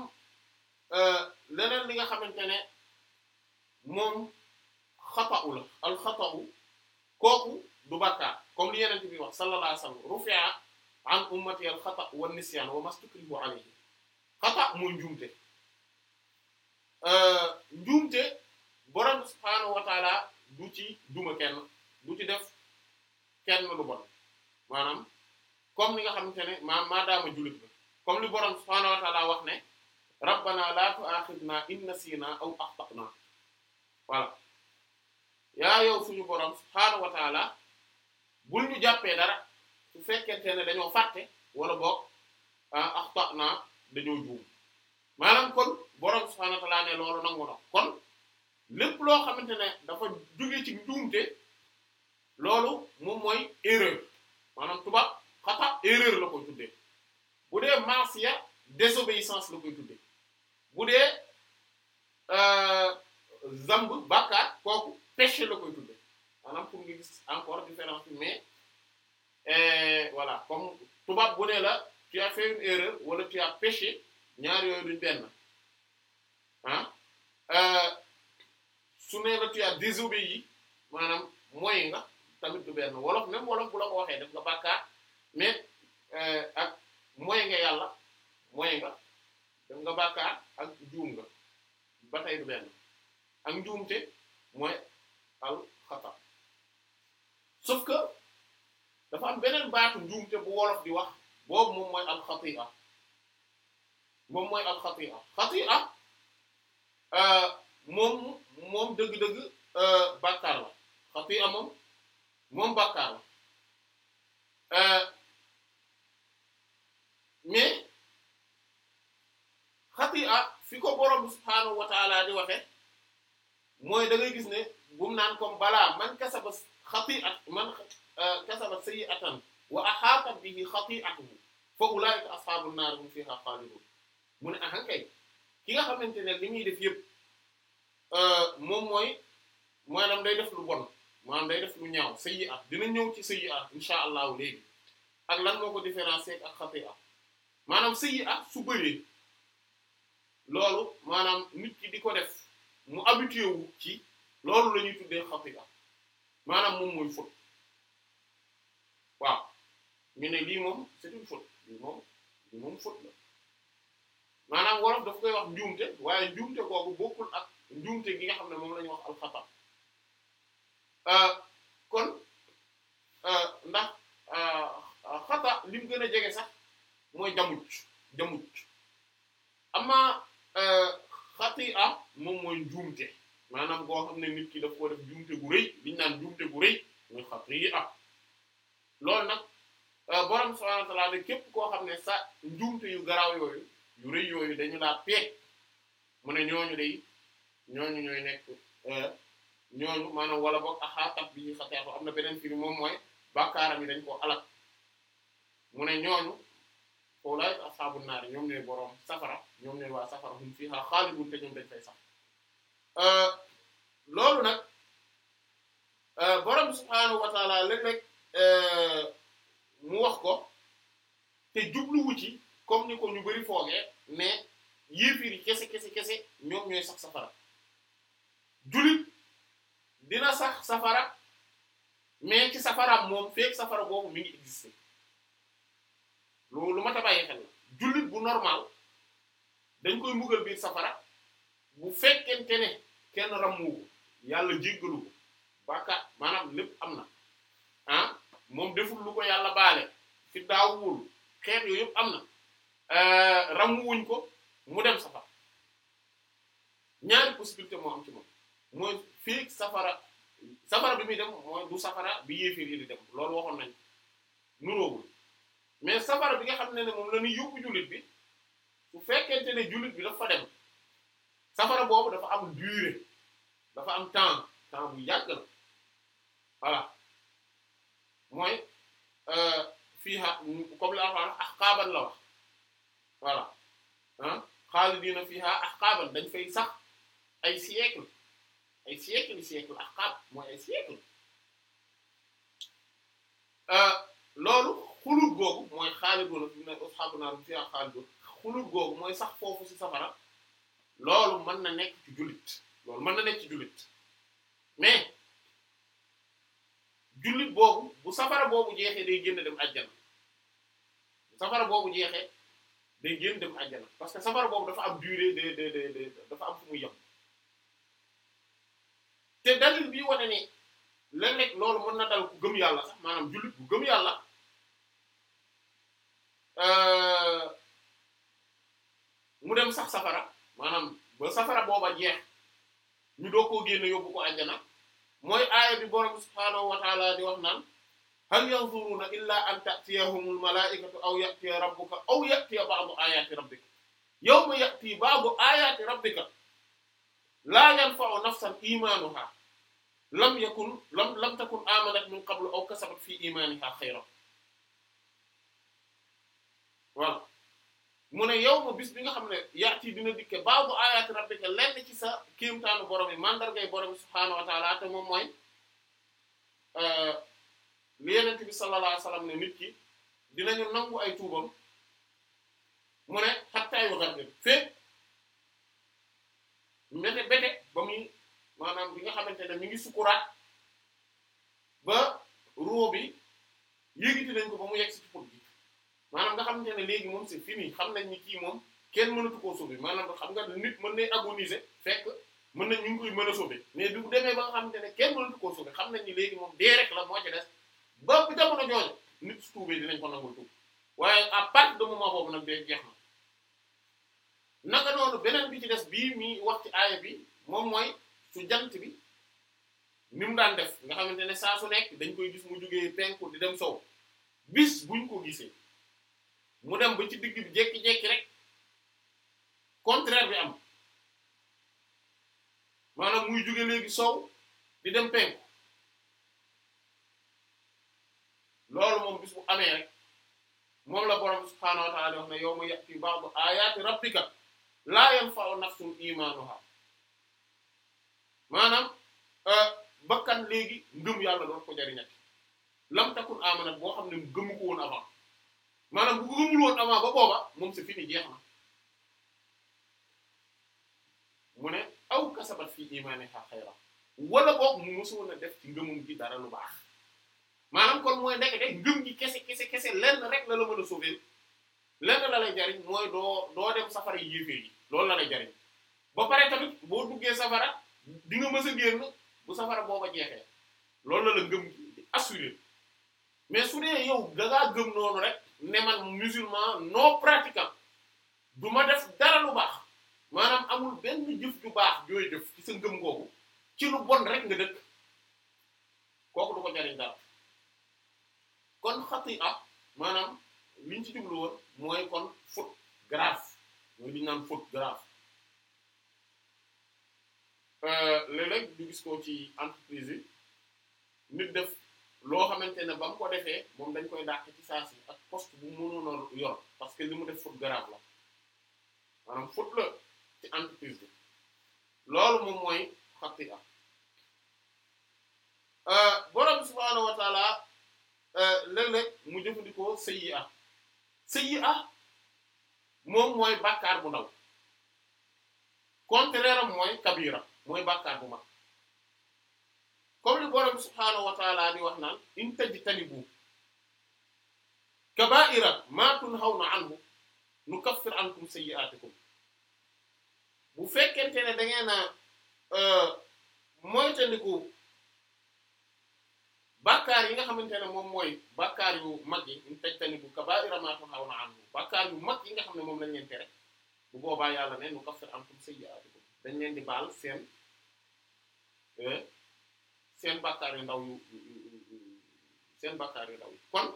euh, leneen li nga xamante moom xata'u la al xata'u kooku du bàkkaar comme li yeneen bi wax sallallahu alayhi wa sallam rufi'a an ummati al xata wa nisyaan wa mastukrihu alayhi xata mooy njuumte euh, njuumte borom bi subhaanahu wa taala du ci duma kenn du ci def kenn lu bon maanaam comme ni nga xamante ne maa maadaama jullit ba comme li borom subhaanahu wa wax ne rabbana la tu'akhidna in nasina aw akhta'na voilà yaa yow suñu borom subhaanahu wa taala bul ñu jàppee dara su fekkente ne dañoo fàtte wala boog ah axta naa dañoo juum maanaam kon borom subhaanahu wa taala loolu nangu na kon lépp loo xamante ne dafa jóge ci juumte loolu moom mooy erreur maanaam tubaab xata erreur la koy tuddee bu dee marsiya désobéissance la koy tuddee bu dee. Euh, zamb bàkkaar kooku péché la koy tudde maanaam pour nga gis encore différence bi mais euh, voilà comme tubaab bu ne la tu as fait wala tu péché ñaar yooyu duñ benn ah? euh, su ne la tu as désobéi maanaam mooy nga tamit du benn wolof même wolof bu la ko waxee def nga bàkkaar mais euh, ak mooy nga yàlla mooy nga def nga bàkkaar ak juum nga ba tey du benn ak njuumte mooy al xata sauf que dafa am beneen baatu njuumte bu wolof di wax boobu moom mooy al xatia moom mooy al xatia xatia euh, moom moom dëgg-dëgg euh, bàkkaar la xatia moom moom bàkkaar la euh, mais xatia fi ko borom subhaanahu wa di waxe mooy da gis ne bu mu naan kom balaa man kasaba xati'at man euh, kasaba sayyi'atan wa ahaatat bihi xati'atuhu fa xa ashaabun naar hum fiihaa xaaliduun mu ne ahankay ki nga xamante ne li muy def yëpp euh, moom mooy maanaam day def lu bon maanaam day def lu ñaaw at dina ñëw ci sayyi'at insha allahu léegi ak lan moo ko différencier ak xati'at maanaam sayyi'at su bëree loolu maanaam nit ki di ko def. mu habitué wu ci loolu lañuy ñuy tuddee xaqiqa maanaam moom mooy faute waaw ñu ne lii moom c'est une faute lii moom lii moom faute la maanaam wolof daf koy wax njuumte waaye njuumte kooku bokkul ak njuumte gi nga xam ne moom lañuy wax alxata euh, kon euh, ndax euh, xata li mu gën a jege sax mooy jamuj jamuj ama xati'a moom mooy njuumte maanaam goo xam ne nit ki la koo def njuumte gu rëy liñ naan njuumte gu rëy mooy xati'a loolu nag euh, borom subhanahu wa ta'ala de képp koo xam ne sa njuumte yu garaaw yooyu yu rëy yooyu dañu laa peeg mu ne ñooñu day ñooñu ñooy nekk euh, ñooñu maanaam wala boog axaatab bi ñu xati'a am na beneen firi moom mooy bàkkaaram yi dañ koo alal mu ne ñooñu ulaaika ashaabu naar ñoom ñooy borom safara ñoom ñooy waa safara hum fiihaa xaaliduun te ñoom dañ fay euh, loolu nag euh, borom subhaanahu wa taala léeg euh, mu wax ko te jubluwu ci comme ni ko ñu bari foogee mais yéefir yi kese kese kese ñoom ñooy sax safara jullit dina sax safara mais ci safaraam moom feek safara boobu mi ngi exister. loolu lu ma ta bàyyi xel jullit bu normal dañ koy mbugal biir safara bu fekkente ne kenn rammuwu yàlla jéggalu ko bàkkaar maanaam lépp am na ah moom deful lu ko yàlla baale fi daawul xeet yooyu yëpp am na euh, rammuwuñ ko mu dem safara ñaari possibilité moo am ci moom mooy fii safara safara bi muy dem mooy du safara bi yéeféer di dem loolu waxoon nañ nuroowul mais safara bi nga xam ne ne moom la ñuy yóbbu jullit bi bu fekkente ne jullit bi dafa fa dem safara boobu dafa am durée dafa am temps temps bu yàgg la voilà mooy euh, fiiha comme la wax ahqaaban la wax voilà ah xaalidina fiiha ahqaaban dañ fay sax ay siècle ay siècle siècle ahqaab mooy ay siècle euh, loolu xulul googu mooy xaalidoona fi ne asxaabu naarum fi a xaalidoon xulul googu mooy sax foofu ci safara loolu mën na nekk ci jullit loolu mën na nekk ci jullit mais jullit boobu bu safara boobu jeexee day génn dem àjjana bu safara boobu jeexee day génn dem àjjana parce que safara boobu dafa am durée dafa am fu mu yem te dalil bii wane ne léeg-léeg loolu mën na dal ku gëm yàlla sax maanaam jullit bu gëm yàlla Euh, mu dem sax safara maanaam ba safara booba jeex ñu doo koo génne yóbbu ko àjjana mooy aaya bi borom subhaanahu wa taala di wax naan hal yanzuruna illa an ta'tiyahumul malaa'ikatu aw ya'tiya rabbuka aw ya'tiya ba'du ayati rabbika yawma ya'ti ba'du ayati rabbika laa yanfa'u nafsan imanuha lam yakun lam lam takun amanat min qablu aw kasabat fi imaniha khayran voilà mu ne yow ma bis bi nga xam ne yaati dina dikke baabu ayaati rabbika lenn ci sa kéemtaanu borom yi mandargay borom yi subhaanahu wa moom mooy euh, li yenent bi sallallahu alayhi ne nit ki dinañu nangu ay tuubam mu ne xattaayu garnit féeg mbete bete ba muy maanaam bi nga xamante ne mi ngi sukkuraat ba ruu bi yéegiti nañ ko ba mu yegg si ci maanaam nga xam ne ne léegi moom si fini xam nañ ni kii moom kenn mënatu koo sauver maanaam xam nga nit mën nay agoniser fekk mën nañ ñu ngi koy mën a sauver mais bu demee ba xam xamante ne kenn mënatu koo sauver xam nañ ni léegi moom dee rek la moo ci des ba bu jamono jooju nit su tuubee ko nangul tuub waaye à partir de moment boobu nag dee jeex noonu beneen bi ci des bii mi wax ci aaya bi moom mooy su jant bi ni mu daan def nga xamante ne saa su nekk dañ koy gis mu jugee penku di dem sow bis buñ ko gisee mu dem ba ci digg jékki-jékki rek contraire bi am maanaam muy jóge léegi sow di dem penku loolu moom bis bu amee rek moom la borom subhaanahu wa ta'aala wax ne yawma ya'ti ba'du aayaati rabbika laa yanfa'u nafsun iimaanuhaa maanaam euh, bakkan léegi ngëm yàlla doon ko jariñat lam takun aamanat boo xam ne gëmu ko woon maanaam bu gëmul woon avant ba booba moom c'est fini jeex na mu ne aw kasabat fii imaanihaa xayra wala boog mu mosoon a def ci ngëmum gi dara lu baax maanaam kon mooy ndekete ngëm gi kese kese kese lenn rek lala la mën a sauver lenn la lay jariñ mooy doo doo dem safara yéefee yi loolu la lay jariñ ba pare tamit boo duggee safara di nga mës a génn bu safara booba jeexee loolu lala la ngëm gi assuré mais su dee yow da ngaa gëm noonu rek. ne man musulman non pratiquant du ma def dara lu baax maanaam amul benn jëf ju baax jooy def ci sa ngëm googu ci lu bon rek nga dëkk kooku du ko jariñ dara kon xati ah maanaam liñ ci jublu mooy kon faute grave mooy li ñu naan faute grave euh, léeg-léeg du gis ko ci entreprise yi nit def loo xamante ne ba mu ko defee moom dañ koy dàq ci saa si ak post bu mënoon a parce que li mu def faute grave la maanaam faute la ci entreprise bi loolu moom mooy xatti am euh, borom subhaanahu wa taala euh, léeg-léeg mu jëfandikoo sayyi'a sayyi'a moom mooy bàkkaar bu ndaw contraire mooy kabira mooy bàkkaar bu mag comme li borom subhaanahu wa taala di wax naan in tajtanibu kabaa'ira maa tunhawna anhu nukaffir ankum sayyi'aatikum bu fekkente ne da ngeen mooy euh, moytandiku bàkkaar yi nga xamante ne moom mooy bàkkaar yu mag yi in tajtanibu kabaa'ira maa tunhawna anhu bàkkaar yu mag yi nga xam ne moom lañ leen tere bu boobaa yàlla ne nukaffir ankum sayyi'aatikum dañ leen di baal seen. Euh, seen bàkkaar yu ndaw yu seen bàkkaar yu ndaw yi kon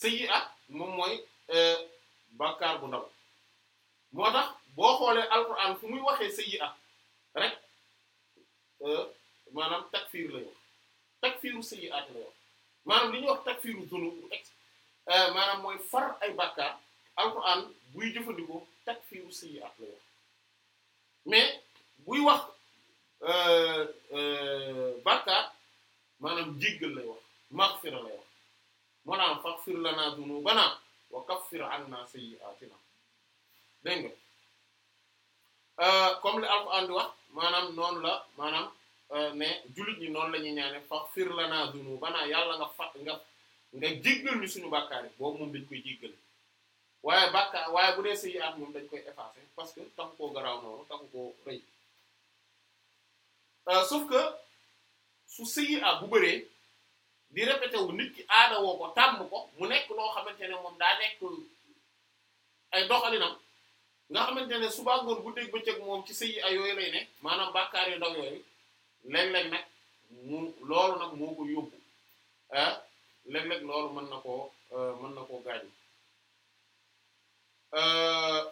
sayyi'at moom mooy euh, bàkkaar bu ndaw moo tax boo xoolee alquran fu muy waxee sayyi'at rek euh, maanaam takfir la ñu wax takfiru sayyi'at la wax maanaam li ñuy wax takfiru zunub euh, maanaam mooy far ay bàkkaar alquran buy jëfandikoo takfiru sayyi'at la wax mais buy wax Euh, euh, bàkkaar maanaam jéggal lay wax maghfira lay wax maanaam faghfir lanaa dunuubanaa wa kaffir annaa sayyi'aatinaa dégg nga euh, comme le am di wax maanaam noonu la maanaam ne jullit ñi noonu la ñuy ñaane faghfir lanaa dunuubanaa yàlla nga fa nga nga jéggal suñu bàkkaar yi boobu moom dañ koy jéggal waaye bàkkaar waaye bu dee sayyi'aat moom dañ koy effacer parce que taxu koo garaaw noonu taxu koo rëy Euh, sauf que su sëyi a bu bëree di répété wu nit ki aada ko tàmm ko mu nekk loo xamante ne moom daa nekk ay doxalinam nga xamante ne suba ngoon bu dégg bëccëg moom ci sëyi a yooyu lay ne maanaam bàkkaar yu ndaw yooyu léeg-léeg nag mu loolu nag moo ko yóbbu ah léeg loolu mën na koo euh, mën na koo gaañu euh,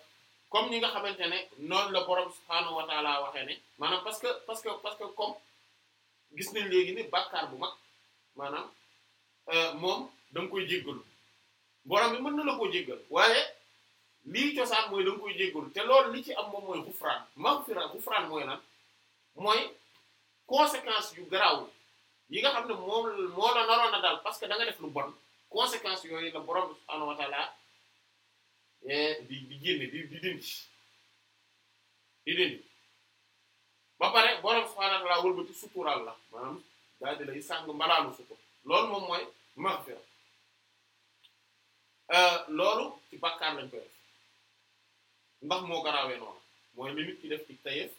comme ñi nga xamante ne noonu la borom subhaanahu wa taala waxee ne maanaam parce que parce que parce que comme gis nañ léegi ni bàkkaar bu mag maanaam euh, moom da nga koy jéggalu borom bi mën na la koo jéggal waaye lii cosaan mooy da nga koy jéggalu te lool li ci am moom mooy xufraan magfira xufraan mooy lan mooy conséquence yu garaaw yi nga xam ne moom moo la naroon a daal parce que da def lu bon conséquence yooyu la borom subhaanahu wa Eh? di di génne di di dindi di dindi ba pare borom subhaanahu wa ta'aala wëlbati suturaal la maanaam daal di lay sàng mbalaanu sutur loolu moom mooy maghfira eh, loolu ci bàkkaar lañ koy def ndax moo garaawee noonu mooy li nit def ci tayeef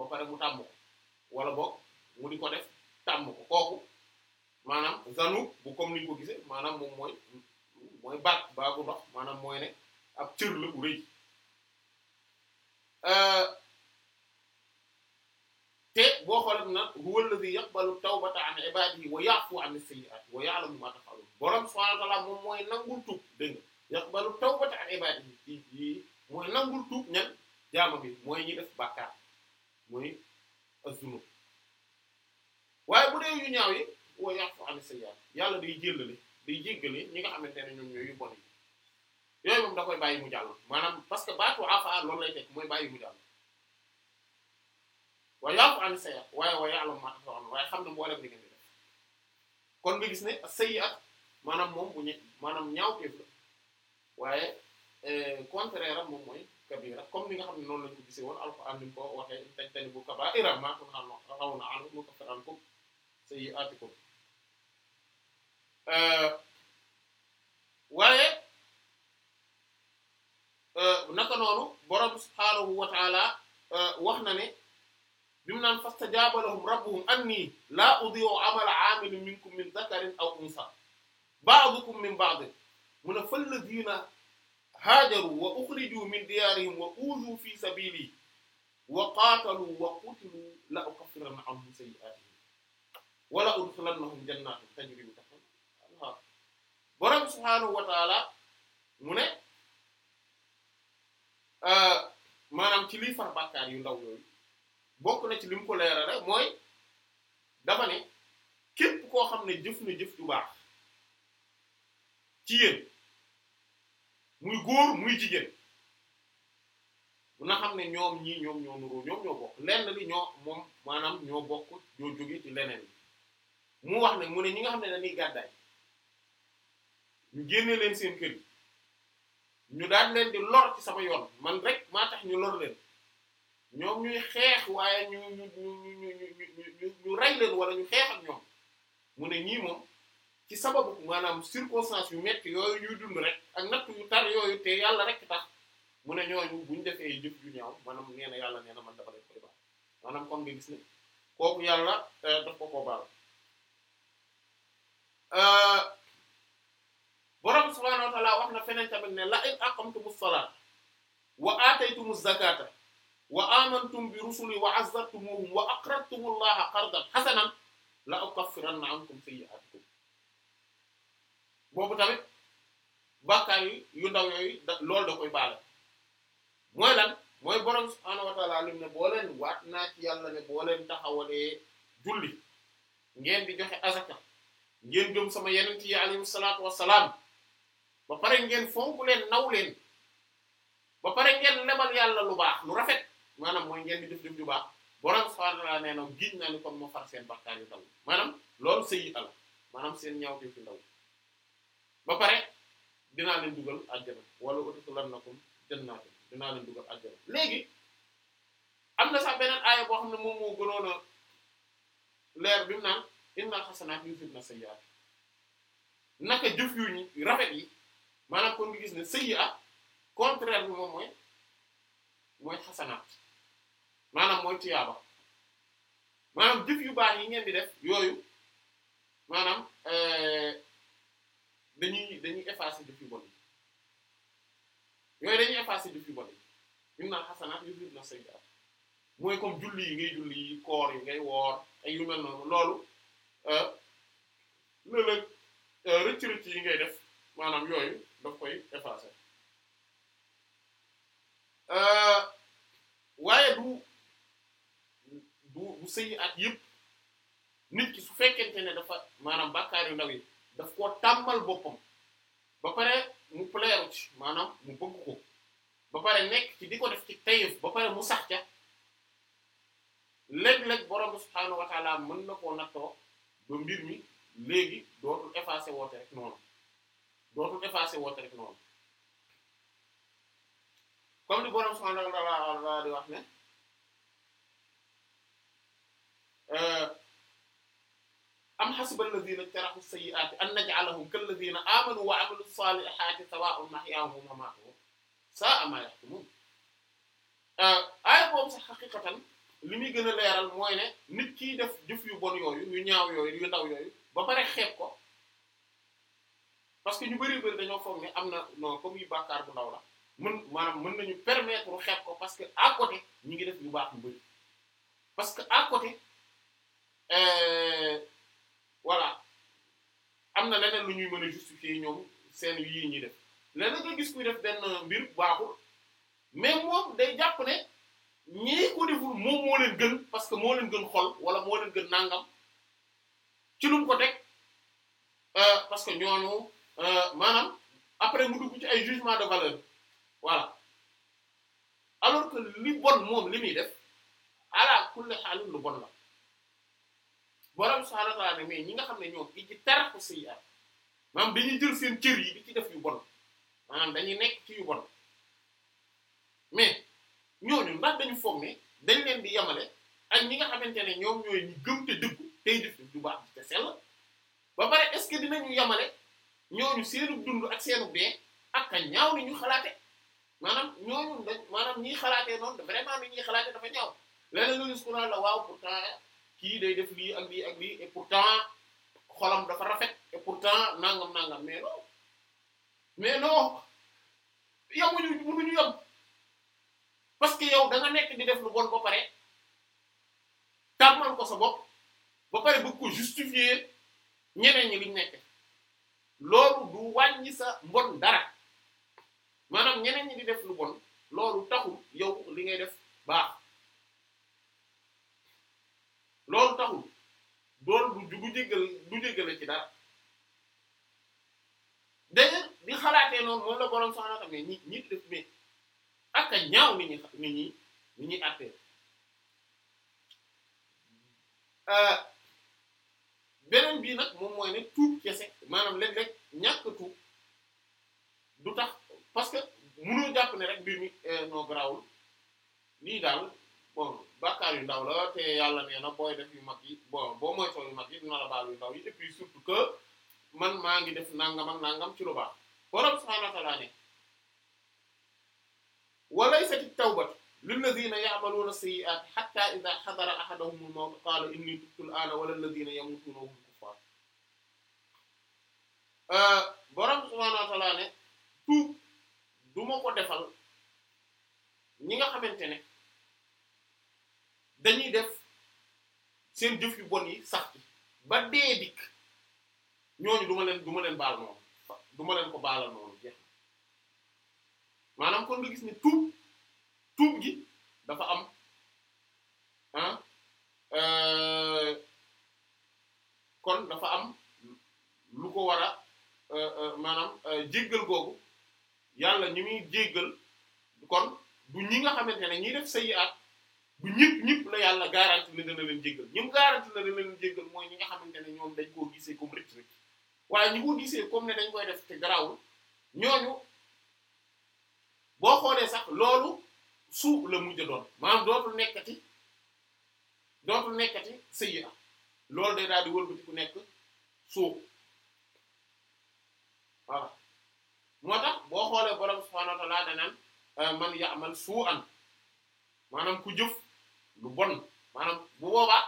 ba pare mu tàmm ko wala boog mu di ko def tàmm ko kooku maanaam zanu bu comme ni ñu ko gisee maanaam moom mooy mooy baat baagu ndox maanaam mooy ne ab cër la bu rëy te boo xool na huwa alladhi yaqbalu tawbata an ibadihi wa ya'fu an sayyi'ati wa ya'lamu ma taf'alun borom subhanahu wa moom mooy nangul tuub dégg nga yaqbalu tawbata an ibadihi yi mooy nangul tuub ñan jaama bi mooy ñi def bàkkaar mooy az-zunub waaye bu dee yu ñaaw yi wa ya'fu an sayyi'ati yàlla day jéllale day jéggale ñi nga xamante ne ñoom ñooy yu yooyu moom da koy bàyyi mu jàll maanaam parce que baatu afa loolu lay teg mooy bàyyi mu jàll waaye yàqu an waaye xam ne mboolem li ngeen di def kon nga gis ne sëyi at maanaam moom bu ñu maanaam ñaawteef la waaye eh, contraire moom mooy kabira comme ni nga xam ne noonu lañu ko gisee woon alquran ni mu ko waxee tajtani bu kaba'ira maa tunhawna anhu nukaffiru ankum sayyi'aatikum eh, waaye. Euh, naka noonu borom subhaanahu wa taala euh, wax na ne bi mu naan fastajaaba lahum rabbuhum annii laa udii'u amala aamilin minkum min dhakarin aw unsaa ba'dukum min ba'din mu ne falladhiina haajaru wa ukhrijuu min diyaarihim wa uuzuu fii sabiilii wa qaataluu wa qutiluu la ukaffiranna anhum sayyi'aatihim wa la udkhilannahum jannaatin tajrii min tahtihaa al-anhaar borom subhaanahu wa taala mu ne. ci liy yu ndaw yooyu bokk na ci li ko ko rek mooy dafa ne képp koo xam ne jëf na jëf ju baax ci yéen muy góor muy jigéen bu na xam ne ñoom ñii ñoom ñoo nuroo ñoom ñoo bokk lenn li ñoo moom maanaam ñoo bokk ñoo jóge ci leneen li mu wax ne mu ne ñi nga xam ne dañuy gàddaay ñu génne leen seen kër ñu daan leen di lor ci sama yoon man rek maa tax ñu lor leen ñoom ñuy xeex waaye ñu ñu ñu ñu ñu ñu rey leen wala ñu xeex ak ñoom mu ne ñii moom ci sababu maanaam circonstance yu metti yooyu ñuy dund rek ak natt yu tar yooyu te yàlla rek tax mu ne ñooñu bu ñu defee jëf yu ñaw maanaam nee na yàlla nee na man dafa def koy baal maanaam nga gis ne kooku yàlla euh, daf ko ko baal euh, borom subhaanahu wa wax na feneen tamit ne la in aqamtumus salaata wa aataytumuz zakaata wa amantum bi rusuli wa azzartumuhum wa aqradtumullaha qardan hasanan la ukaffiranna ankum sayyi'atikum boobu tamit bàkkaar yi yu ndaw yooyu da loolu da koy baale mooy lan mooy borom subhaanahu wa ta'aala ne boo waat naa ci yàlla ne boo leen taxawalee julli ngeen di joxe azaka ngeen gëm sama yeneen yi alayhi salaatu wa salaam ba pare ngeen fonk leen naw leen ba pare ngeen lebal yàlla lu baax lu rafet. maanaam mooy ngeen di def def ju baax borom subhaanahu wa ta'aala nee na giñ naa ni kon moo far seen bakkaar yu taw maanaam loolu sayyi'a la maanaam seen ñaaw fi ndaw ba pare dinaa leen dugal àjjana wala udxilannakum jannaatin dinaa leen dugal àjjana léegi am na sax beneen boo xam ne moom moo gënoon leer bi mu naan innal xasanaat yuzhibna sayyi'aat naka jëf yu ñu rafet yi maanaam kon nga gis ne sayyi'a contraire bi moom mooy mooy xasanaat maanaam mooy tiyaaba maanaam jëf yu baax yi ngeen di def yooyu maanaam euh, dañuy dañuy effacer jëf yu bon yi yooyu dañuy effacer jëf yu bon yi innal xasanaat yuzhibna sayyi'aat mooy comme julli yi ngay julli yi koor yi ngay woor ay yu mel noonu loolu euh, léeg-léeg euh, rëcc yi ngay def maanaam yooyu daf koy effacer waaye du at yëpp nit ki su fekkente ne dafa maanaam bàkkaar yu ndaw yi daf koo tàmmal boppam ba pare mu plaire ci maanaam mu bëgg ko ba pare nekk ci di ko def ci tayëf ba pare mu saxca ca léeg-léeg borom bi subhaanahu mën na koo nattoo ba mbir mi léegi dootul effacé woote rek noonu dootul effacé woote rek noonu comme li borom subhaanahu di wax ne am xasiba alladina ijtarahu sayyi'ati an naj'alahum kalladina amanu wa 'amilu salihati sawa'un mahyahum wa mamatuhum sa'a ma yahkumun aaya boobu sax xaqiqatan li muy gën a leeral mooy ne nit kiy def jëf yu bon yooyu yu ñaaw yooyu yu ndaw yooyu ba pare xeeb ko parce que ñu bëri bari dañoo foog ni am na non comme yu bàkkaar bu ndaw la mën maanaam mën nañu permettre xeeb ko parce que à côté ñi ngi def yu baax yu bari parce que à côté Euh, voilà am na leneen lu ñuy mën a justifier ñoom seen yii ñuy def leneen nga gis kuy def benn mbir baaxul mais moom day jàpp ne ñii ko deful moom moo leen gën parce que moo leen gën xol wala moo leen gën nangam ci lum ko teg euh, parce que ñooñu euh, maanaam après mu dugg ci ay jugement de valeur voilà alors que li bon moom li muy def ala kulli xaalis lu bon la. borom subhanahu wa ta'ala mais ñi nga xam ne ñoom i ci si sayyi'at maanaam dañuy jël seen cër yi di ci def yu bon maanaam dañuy nekk ci yu bon mais ñooñu ndax dañu foog ne dañ leen di yemale ak ñi nga xamante ne ñoom ñooy ñu gëm te dëggu tey def du baax te sell ba pare est-ce que dinañu yemale ñooñu seenu dund ak seenu dee ak a ñaaw ni ñu xalaate maanaam ñooñu dañ maanaam ñiy xalaatee noonu vraiment ni ñuy xalaate dafa ñaaw leneen nga gis la waaw pourtant kii day def lii ak lii ak lii et pourtant xolam dafa rafet et pourtant nangam nangam mais non mais non yamuñu mënuñu yam parce que yow da nga nekk di def lu bon ba pare tàmmal ko sa bopp ba pare bëgg ko justifier ñeneen ñi liñ nekk loolu du wàññi sa mbon dara maanaam ñeneen ñi di def lu bon loolu taxul yow li ngay def baax loolu taxul loolu du jéggal du jéggale ci dara d'ailleurs bi xalaatee noonu moom la borom soxna xam ne ñi ñi def mais ak àttee euh, beneen bii nag moom mooy ne tuub kese maanaam léeg-léeg ñàkk tuub du tax parce que mënoo jàpp ne rek mbir mi euh, noo garaawul nii daal. bon bàkkaar yu ndaw la te yàlla nee na booy def yu mag yi bon boo moytoo yu mag yi dina baal yu ndaw yi et puis que man maa ngi def nangam ak nangam ci lu baax borom subhaanahu wa ta'aala ne wa laysati tawbatu lilladhiina ya'maluuna sayyi'aati hattaa idhaa euh, ko defal ñi nga xamante ne. dañuy def seen jëf yu bon yi sax ba dee dikk ñooñu duma leen du ma leen baal noonu du ma leen ko baalal noonu maanaam kon nga gis ni tuub tuub gi dafa am ah euh, kon dafa am lu ko war a euh, euh, maanaam jéggal googu yàlla ñi muy jéggal kon du ñi nga xamante ne ñiy def sayyi'at bu ñëpp ñëpp la yàlla garanti na dana leen jéggal ñi mu garanti na dana leen jéggal mooy ñi nga xamante ne ñoom dañ koo gisee comme rëcc rëcc waaye ñu ko gisee comme ne dañ koy def te garaawul ñooñu boo xoolee sax loolu suuf la mujj doon maanaam dootul nekkati dootul nekkati sëyi loolu de daal di wëlbati ku nekk suuf voilà moo tax boo xoolee borom subhaanahu wa ta'aala danaan man ya'mal suu'an maanaam ku jëf lu bon maanaam bu boobaa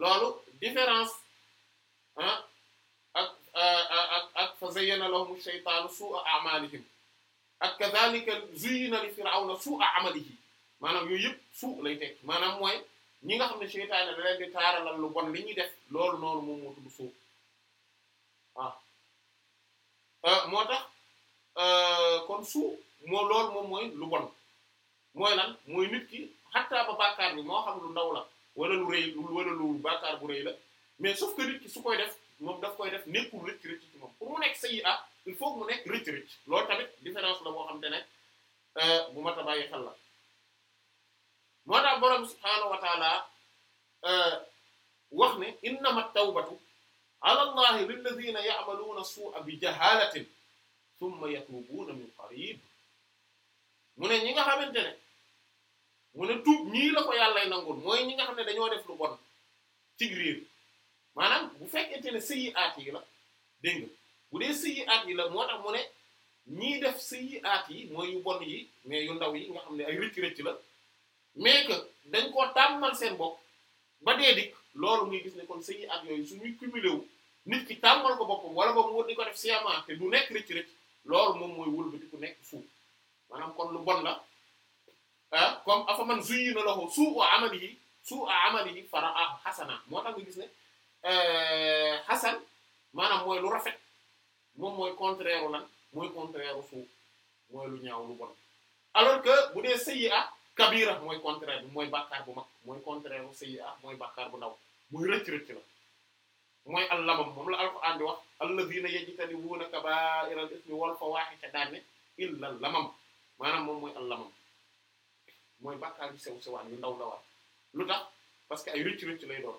loolu différence ah ak ak ak fa zayyana lahum shaytaanu su'a a'malihim ak kadhalika zuyyina li fir'awna su'a 'amalihi maanaam yooyu yëpp suu lay teg maanaam mooy ñi nga xam ne seytaane da leen di taaralal lu bon li ñuy def loolu noonu moom moo tudd suu waaw euh, moo tax euh, kon suu moo loolu moom mooy lu bon mooy lan mooy nit ki xattaa ba bàkkaar bi moo xam lu ndaw la wala lu rëy wala lu bàkkaar bu rëy la mais sauf que nit ki su koy def moom daf koy def nekkul rëcc rëcc ci moom pour mu nekk sayyi'a ah il faut mu nekk rëcc rëcc loolu tamit différence la boo xam te ne euh, bu mat a bàyyi xel la moo tax borom subhaanahu wa taala euh, wax ne innama tawbatu ala allahi lilladina ya'maluna su'a bi jahalatin thumma yatubuuna min qarib mu ne ñi nga xamante ne mu ne tuub ñii la ko yàllay nangul mooy ñi nga xam ne dañoo def lu bon ci riir maanaam bu fekkente ne sayyi'aat yi la dégg nga bu dee sayyi'aat yi la moo tax mu ne ñii def sayyi'aat yi mooy yu bon yi mais yu ndaw yi nga xam ne ay rëcc-rëcc la mais que dañ koo tàmmal seen bopp ba dee dik loolu muy gis ne kon sayyi'aat yooyu suñuy cumulé wu nit ki tàmmal ko boppam wala boobu wër di ko def sciemment te du nekk rëcc-rëcc loolu moom mooy wëlbati ku nekk fuuf maanaam kon lu bon la ah comme afa man zuyyina lahu su'u amalihi su'u amalihi a hasana moo tax nga gis ne euh, hasan maanaam mooy lu rafet moom mooy contraire lan mooy contraire lu ñaaw lu bon que bu dee sayyi'a kabira mooy contraire bi mooy bu mag mooy contraire bu sayyi'a mooy bàkkaar bu ndaw muy rëcc rëcc la mooy allamam moom la alquran di wax alladhina yajtanibuuna kabaa'ira al-ithmi wal fawaahisha daane illa lamam maanaam moom mooy allamam mooy bàkkaar yu sew sewaan yu ndaw ndawaan lu tax parce que ay rëcc rëcc lay doon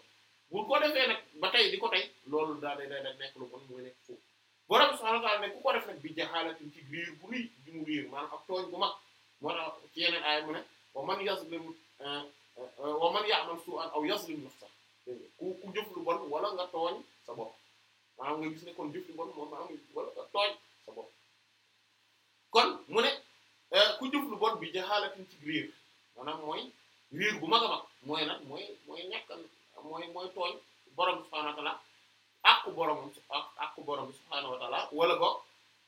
bu ko defee nag ba tey di ko tey loolu daal day day nekk lu bon mooy nekk foofu borom ku ko def bi jaxaalatin ci riir bu rëy bi mu riir bu mag moo ne wa man yazlim euh, wa man ya'mal ku jëf lu bon wala nga gis ne kon jëf lu bon moom maanaam euh, bi jaxaalatin ci riir maanaam mooy wiir gu mag a mag mooy nag mooy mooy ñàkk mooy mooy tooñ borom subhaanahu wa taala àqu borom àqu borom subhaanahu wa wala boog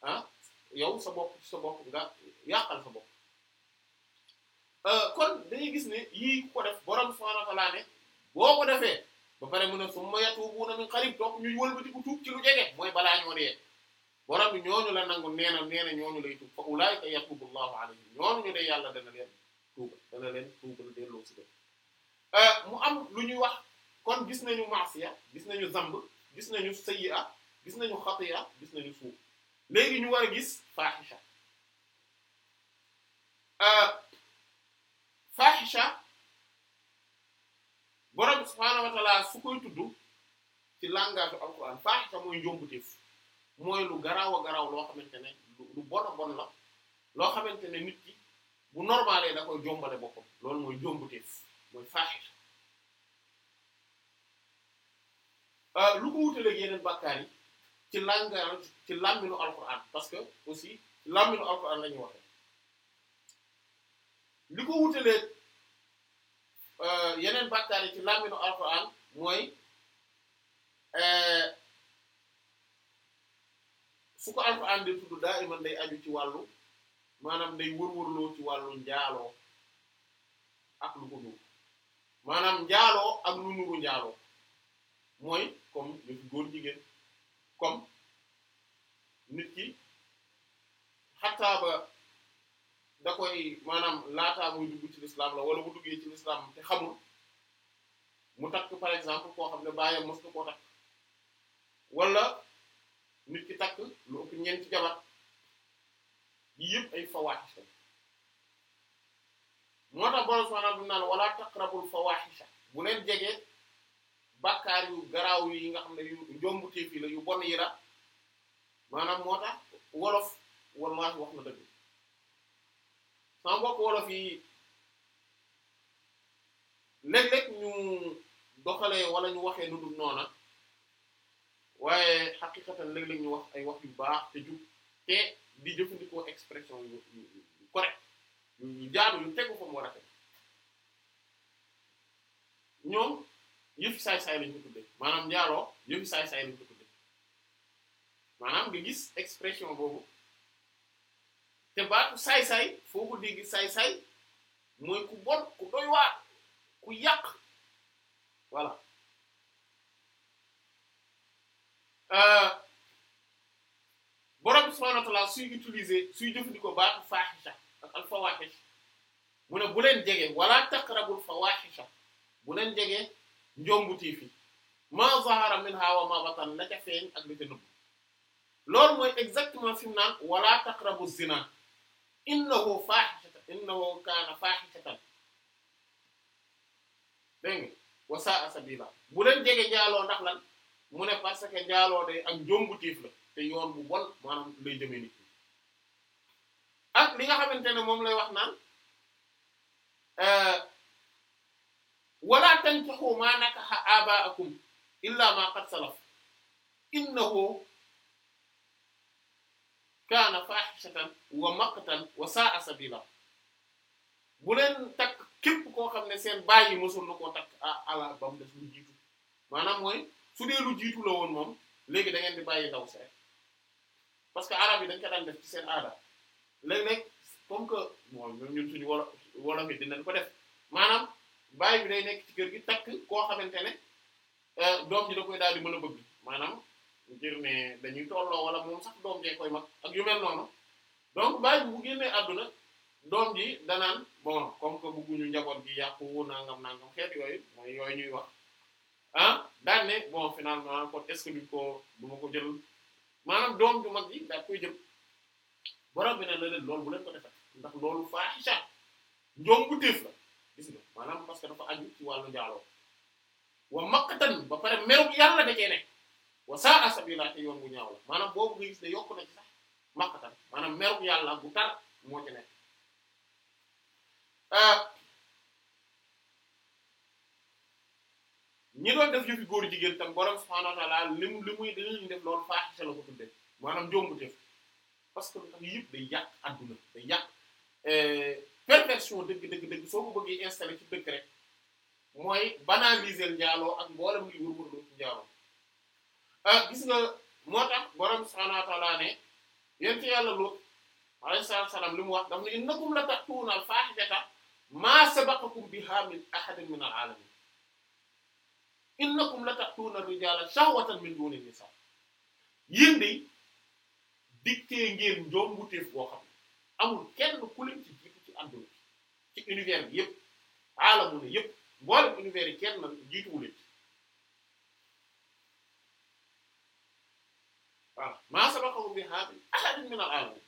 ah, yow sa bopp sa bopp nga yàqal sa bopp euh, kon dañuy gis ne yii ko def borom subhaanahu wa taala ne boo ko defee ba pare mu ne summa yatuubuuna min qarib toog ñuy wëlbati ku tuub ci lu jege mooy balaa ñoo dee borom bi ñooñu la nangu nee na nee na ñooñu lay tuub fa ulaa'ika yatuubu Allahu alayhim ñooñu de yàlla dana leen. tuuba dana leen tuubal delloo si def euh, mu am lu ñuy wax kon gis nañu masiya gis nañu zamb gis nañu sayyi'a gis nañu xatiya gis nañu suuf léegi ñu war a gis faaxisha euh, faaxisha borom subhaanahu wa koy tudd ci langage bu alquran mooy njombuteef mooy lu garaaw a garaaw loo xamante ne lu bon a bon la loo xamante ne nit ki bu normalee da koy jombale boppam loolu mooy jombuteef mooy faaxir euh, lu ko wutaleeg yeneen bàkkaar ci langage ci làmminu alquran parce que aussi làmminu alquran la waxee li ko wutaleeg yeneen bàkkaar yi ci làmminu alquran euh, mooy su euh, ko alquran di tudd daa iman day aju ci wàllu maanaam day wërwërloo ci wàllu njaaloo ak lu ko dul maanaam njaaloo ak lu nuru njaaloo mooy comme yëf góor jigéen comme nit ki xataa ba da koy maanaam laataa muy dugg ci l'islam la wala bu duggee ci l'islam te xamul mu takk par exemple koo xam ne baayam mos na koo takk wala nit ki takk lu ëpp ñeenti jabar yii yëpp ay fawaaxisha moo tax borom subhaanahu wa ta'aala bu leen jege bàkkaar yu garaaw yi nga xam ne yu njombuteef yi yu bon yi maanaam moo tax wolof wallaahi wax na dëgg sama mbokk wolof yi léeg-léeg ñu doxalee wala ñu waxee lu dul noona waaye xaqiqatan léeg-léeg ñu wax ay wax yu baax te jub te di jëfandikoo expression yu yu correct yu jaadu yu tegu fa mu war ñoom yëfi saay-saay lañ ko tuddee maanaam njaaloo yëfi saay-saay lañ ko tuddee maanaam nga gis expression boobu te baatu saay-saay foo ko dégg saay-saay mooy ku bon ku doy ku yàq voilà. Euh, borom subhaanahu wa ta'aala suy utiliser suy jëfandikoo baatu ak al fawaahish mu ne bu leen jege wala taqrabul fawaahisha bu leen jege njombutii fi ma zahara minha wa ma batan la ca feeñ ak la ca nëbb loolu mooy exactement fi mu naan wala taqrabu zina innahu faahishatan innahu kaana faahishatan dégg nga wa sa'a sabila bu leen jege njaaloo ndax lan mu ne parce que njaaloo day ak njombutif la te yoon bu bon maanaam lay jëmee nit ak li nga xamante ne moom lay wax naan euh, wala tankihu ma nakaha aba'akum illa ma qad salaf innahu kaana fahishatan wa maqtan wa sa'a sabila bu leen takk képp koo xam ne seen bàyyi mosul na koo takk ah ala ba lu jiitu maanaam mooy su dee lu jiitu la woon moom léegi da ngeen bàyyi ndaw si parce que arab yi dañ ko daan def ci seen aada léeg-léeg comme que bon ñun suñu wolo wolof yi dinañ ko def maanaam baay bi day nekk ci kër gi takk koo xamante ne euh, doom ji da koy daal di mën a bëgg maanaam ngir ne dañuy tolloo wala moom sax doom jee koy mag ak yu mel noonu donc baay bi bu génnee àdduna doom ji danaan bon comme que bëgguñu njaboot gi yàqu nangam nangam xeet yooyu mooy yooyu ñuy wax ah daan ne bon finalement kon est-ce que duñ ko du ko jël maanaam doom ju mag yi daal koy jëm borom bi ne leen loolu bu leen ko defee ndax loolu faahisha njoom bu téef la gis nga maanaam parce que dafa aju ci wàllu njaaloo wa maqtan ba pare meew yàlla da cee nekk wa sa'a sabila te yoon bu ñaaw la maanaam boo nga gis ne yokk na ci sax maqtan maanaam meew yàlla bu tar moo ci nekk euh, ñi doon def yëfi góor jigéen tam borom subhaanahu wa ta'aala li mu li muy dañuy def loolu faaxisha la ko tudde maanaam jombu def parce que lu tax yëpp day yàq adduna day yàq euh, perversion dëgg dëgg dëgg soo ko bëggee installé ci dëgg rek mooy banaliser njaaloo ak mboolem luy wër-wër lu ci njaaloo ah, gis nga moo tax borom subhaanahu wa ta'aala ne yéen yàlla lu li mu wax daf ne innakum la ta'tuuna al-faahishata maa sabaqakum bihaa min ahadin min al-'aalamiin innakum la ta'tuna rijala shahwatan min duni nisa yéen de dictee ngeen njombuteef boo xam ne amul kenn ku leen ci jiitu ci àdduna ci univers bi yépp aalamu ne yépp mboolem univers yi kenn na jiituwu leen ci maa sabaqahum bi ahadin min al alamin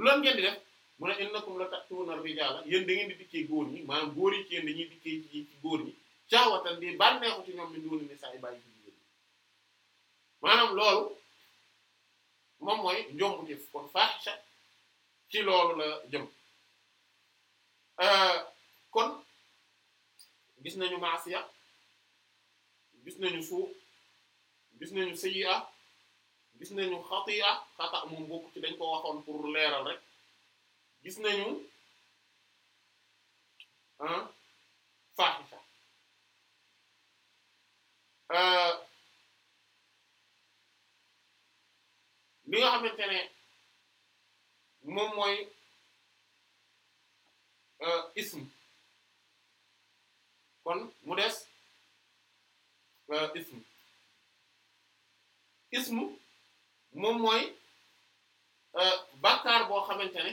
loolu ngeen di def mu ne innakum la ta'tuna rijala yéen da ngeen di dikkee góor ñi maanaam góor yi ci yéen dañuy dikkee góor ñi caawatal di bànneexu ci ñoom bi duuni nisaa yi bàyyi ci jigéen maanaam loolu moom mooy njombu jëf kon faaxisha ci loolu la jëm euh, kon gis nañu maasiya gis nañu suuf gis nañu sayyi'a gis nañu xati'a xata moom bokk ci dañ ko waxoon pour leeral rek gis nañu ah Euh, li nga xamante ne moom mooy euh, ism kon mu des euh, ism ism moom mooy bàkkaar boo xamante ne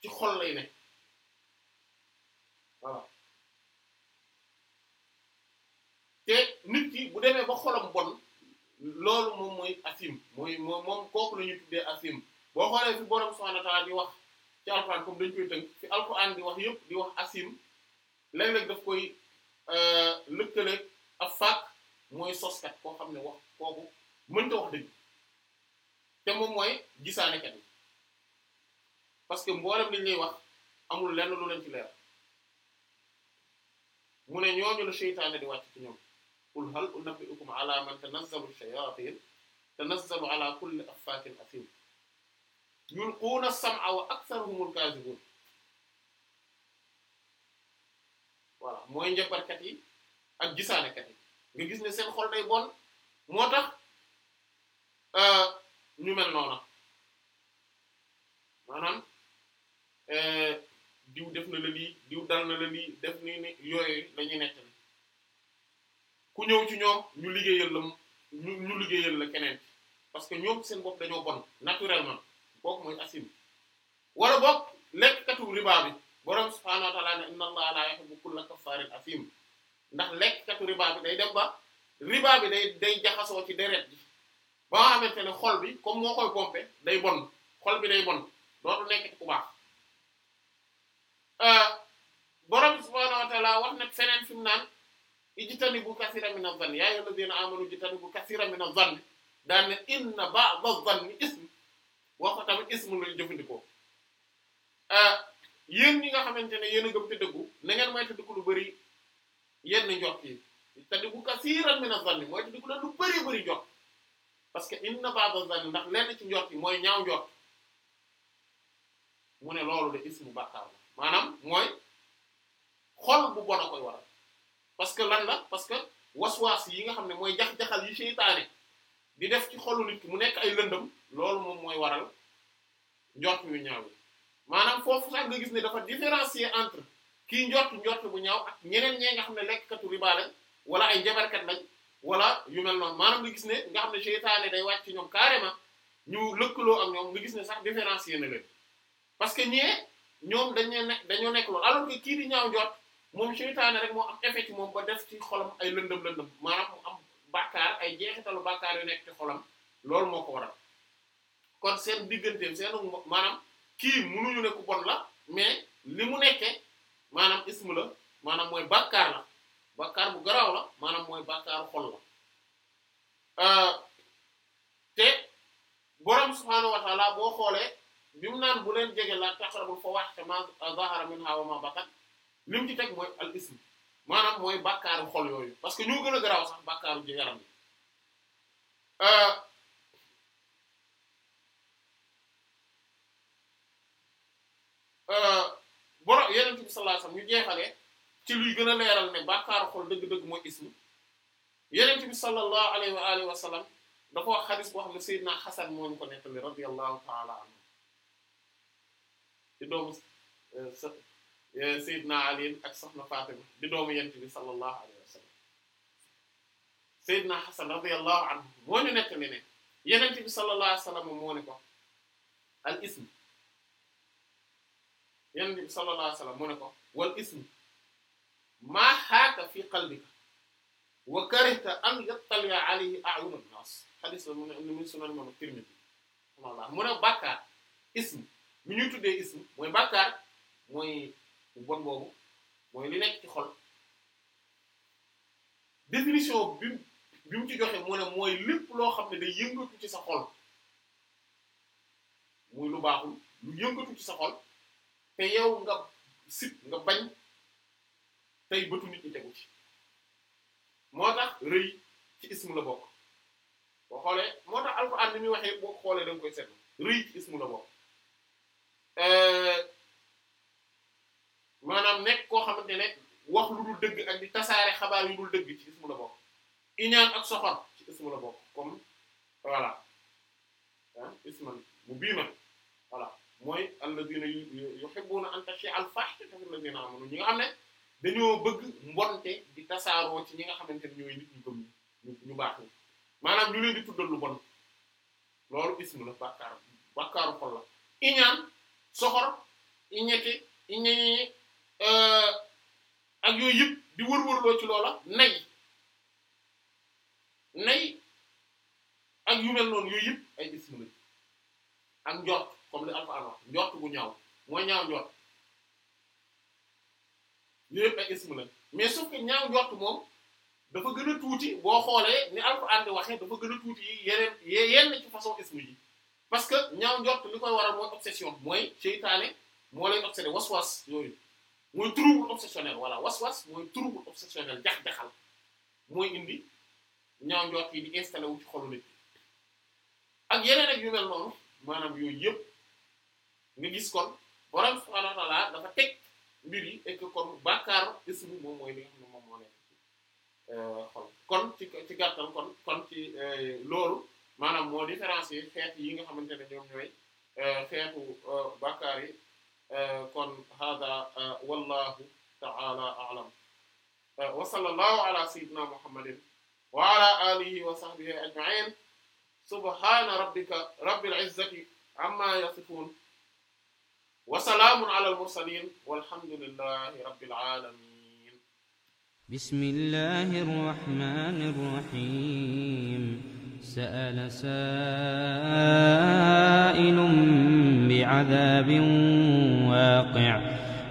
ci xol lay ne waaw te nit ki bu demee ba xolam bon loolu moom mooy asim mooy moom kooku la ñuy tuddee asim boo xoolee fi borom subhanahu wa ta'ala di wax ci alquran dañ koy tënk fi alquran di wax yëpp di wax asim léeg-léeg daf koy euh, lëkkaleeg ak faak mooy soskat koo xam ne wax kooku mënta wax dëgg te moom mooy gisaanekat yi parce que mboolam li ñuy wax amul lenn lu leen ci leer mu ne ñooñu la seytaane di wàcc ci ñoom. qul hal unabbi'ukum ala man tanazzalu shayatin tanazzalu ala kulli affaakin asiim yulquuna as-sam'a wa aktharuhumul kaazibuun voilà mooy njabarkat yi ak gisaanekat yi nga gis ne seen xol day bon moo tax euh, ñu mel noona maanaam euh, diw def na la lii diw dal na la def ni ni la ñuy ku ñëw ci ñu liggéeyal la ñu ñu liggéeyal la keneen parce que ñoom seen bopp dañoo bon naturellement kooku mooy asim wala boog lekkatu riba bi borom subhaanahu wa ta'ala ne inna allaha la yuhibbu kulla kaffaarin asim ndax lekkatu riba day dem ba riba bi day day jaxasoo ci deret bi ba nga xamante ne xol bi comme moo koy pompe day bon xol bi day bon dootu nekk ci ku baax euh, borom subhaanahu wa wax nag feneen fi mu naan. ijtanibu kasiiran mina zanni yaa ayyuhallaziina aamanu ijtanibu kasiiran mina zanni daan ne inna ba'da zanni ism wax ko tamit ism lañu jëfandikoo ah, yéen ñi nga xamante ne yéen a gëm te dëggu na ngeen mooy te dëggu lu bëri yenn njort yi ijtanibu kasiiran mina zanni mooy te dëggu lu bëri bëri njort parce que inna ba'da zanni ndax lenn ci njort yi mooy ñaaw njort mu ne loolu de ismu bàkkaar maanaam mooy xol bu bon a koy waral. parce que lan la parce que waswaas yi nga xam ne mooy jax-jaxal yi seytaane di def ci xolu nit mu nekk ay lëndëm loolu moom mooy waral njort yu ñaaw maanaam foofu sax nga gis ne dafa différencier entre kii njort njort bu ñaaw ak ñeneen ñee nga xam ne lekkatu katu lañ wala ay njabarkat lañ wala yu mel noonu maanaam nga gis ne nga xam ne seytaane day wàcc ñoom carrément ñu lëkkaloo ak ñoom nga gis ne sax différencier na leen parce que ñee ñoom dañu ne dañoo nekk loolu kii di ñaaw njort moom seytaane rek moo am effet moom ba def ci xolam ay lëndëm lëndëm maanaam mu am bàkkaar ay jeexitalu bàkkaar yu nekk ci xolam loolu moo ko waral kon seen digganteem seen maanaam kii munuñu ne mais li mu nekke maanaam ismu maanaam mooy bàkkaar la bàkkaar bu garaw la maanaam mooy bàkkaaru xol la euh, te borom subhaanahu boo xoolee bi mu naan bu leen jege la taqrabul fawahisha ma zahara minha wa ma batan li mu ci teg mooy al ism maanaam mooy bàkkaaru xol yooyu parce que ñu gën a garaaw sax bàkkaaru ji yaram bi euh, euh, boro yeneen bi sallallahu alayhi ñu jeexale ci luy gën a leeral ne bàkkaaru xol dëgg-dëgg mooy ism yeneen bi sallallahu alayhi wa alihi wa sallam dafa wax xadis boo xam ne Seydina Xasan moo ñu ko nettali radiyallahu ta'ala anhu ci doomu euh, Eh, Seydina Ali ak soxna Fatima di doomu yent bi sallallahu alayhi wa sallam Seydina Hasan radiyallahu anhu moo ñu nekk ni ne yonent bi sallallahu alayhi wa sallam moo ne ko al ism yonent bi sallallahu alayhi wa sallam moo ne ko wal ism maa haaka fi qalbika wa karihta an yattali'a alayhi a'yunu an-nas hadis la mu ne mu sunan moom Tirmidhi mu ne bàkkaar ism mi ñuy tuddee ism mooy bàkkaar mooy bu bon boobu mooy li nekk ci xol définition bi bi mu ci joxe mu ne mooy lépp loo xam ne day yëngatu ci sa xol muy lu baaxul lu yëngatu ci sa xol te yow nga sit nga bañ tey bëtu nit ñi tegu ci moo tax rëy ci ismu la bokk boo xoolee moo tax alxuraan ni muy waxee boo xoolee da nga koy seetlu rëy ci ismu la bokk. Euh, maanaam nekk koo xamante ne wax lu dul dëgg ak di tasaare xabaar yu dul dëgg ci ismu la bokk iñaan ak soxor ci ismu la bokk comme mu biima voilà mooy alladina yuhibbuna an tashi al fahishata fil ladina bëgg mbonte di tasaaroo ci ñi nga xamante ne ñu baax maanaam ñu leen di tuddal Euh, ak yooyu yëpp di wër-wërloo ci loola nay nay ak yu mel noonu yooyu yëpp ay ism ak njort comme li Alxuraan wax njort bu ñaaw mooy ñaaw njort yooyu yëpp ay ism mais sauf que ñaaw njort moom dafa gën a tuuti boo xoolee ni Alxuraan di waxee dafa gën a tuuti yi yeneen yenn ci façon ism yi parce que ñaaw njort li koy waral mooy obsession mooy seytaane moo lay obsédé was-was yooyu mooy trouble obsessionnel voilà was-was mooy trouble obsessionnel jax-jaxal mooy indi ñaaw njort yi di installé wu ci xolu nit ak yeneen ak yu mel noonu maanaam yooyu yëpp nga gis kon borom subhaanahu wa ta'aala dafa teg mbir yi et que kon bàkkaaru ismu moom mooy li nga xam ne moom moo nekk euh, xol kon ci ci gàttal kon kon ci euh, loolu maanaam moo différencier xeet yi nga xamante ne ñoom ñooy euh, xeetu yi. Eh, kon hada eh, wallahu ta'ala a'lam eh, wa sallallahu ala sayyidina muhammadin wa ala alihi wa sahbihi ajma'in subhana rabbika rabbil izzati amma yasifun wa salaamun ala al mursalin walhamdulillahi rabbil alamin بسم الله الرحمن الرحيم سأل سائل بعذاب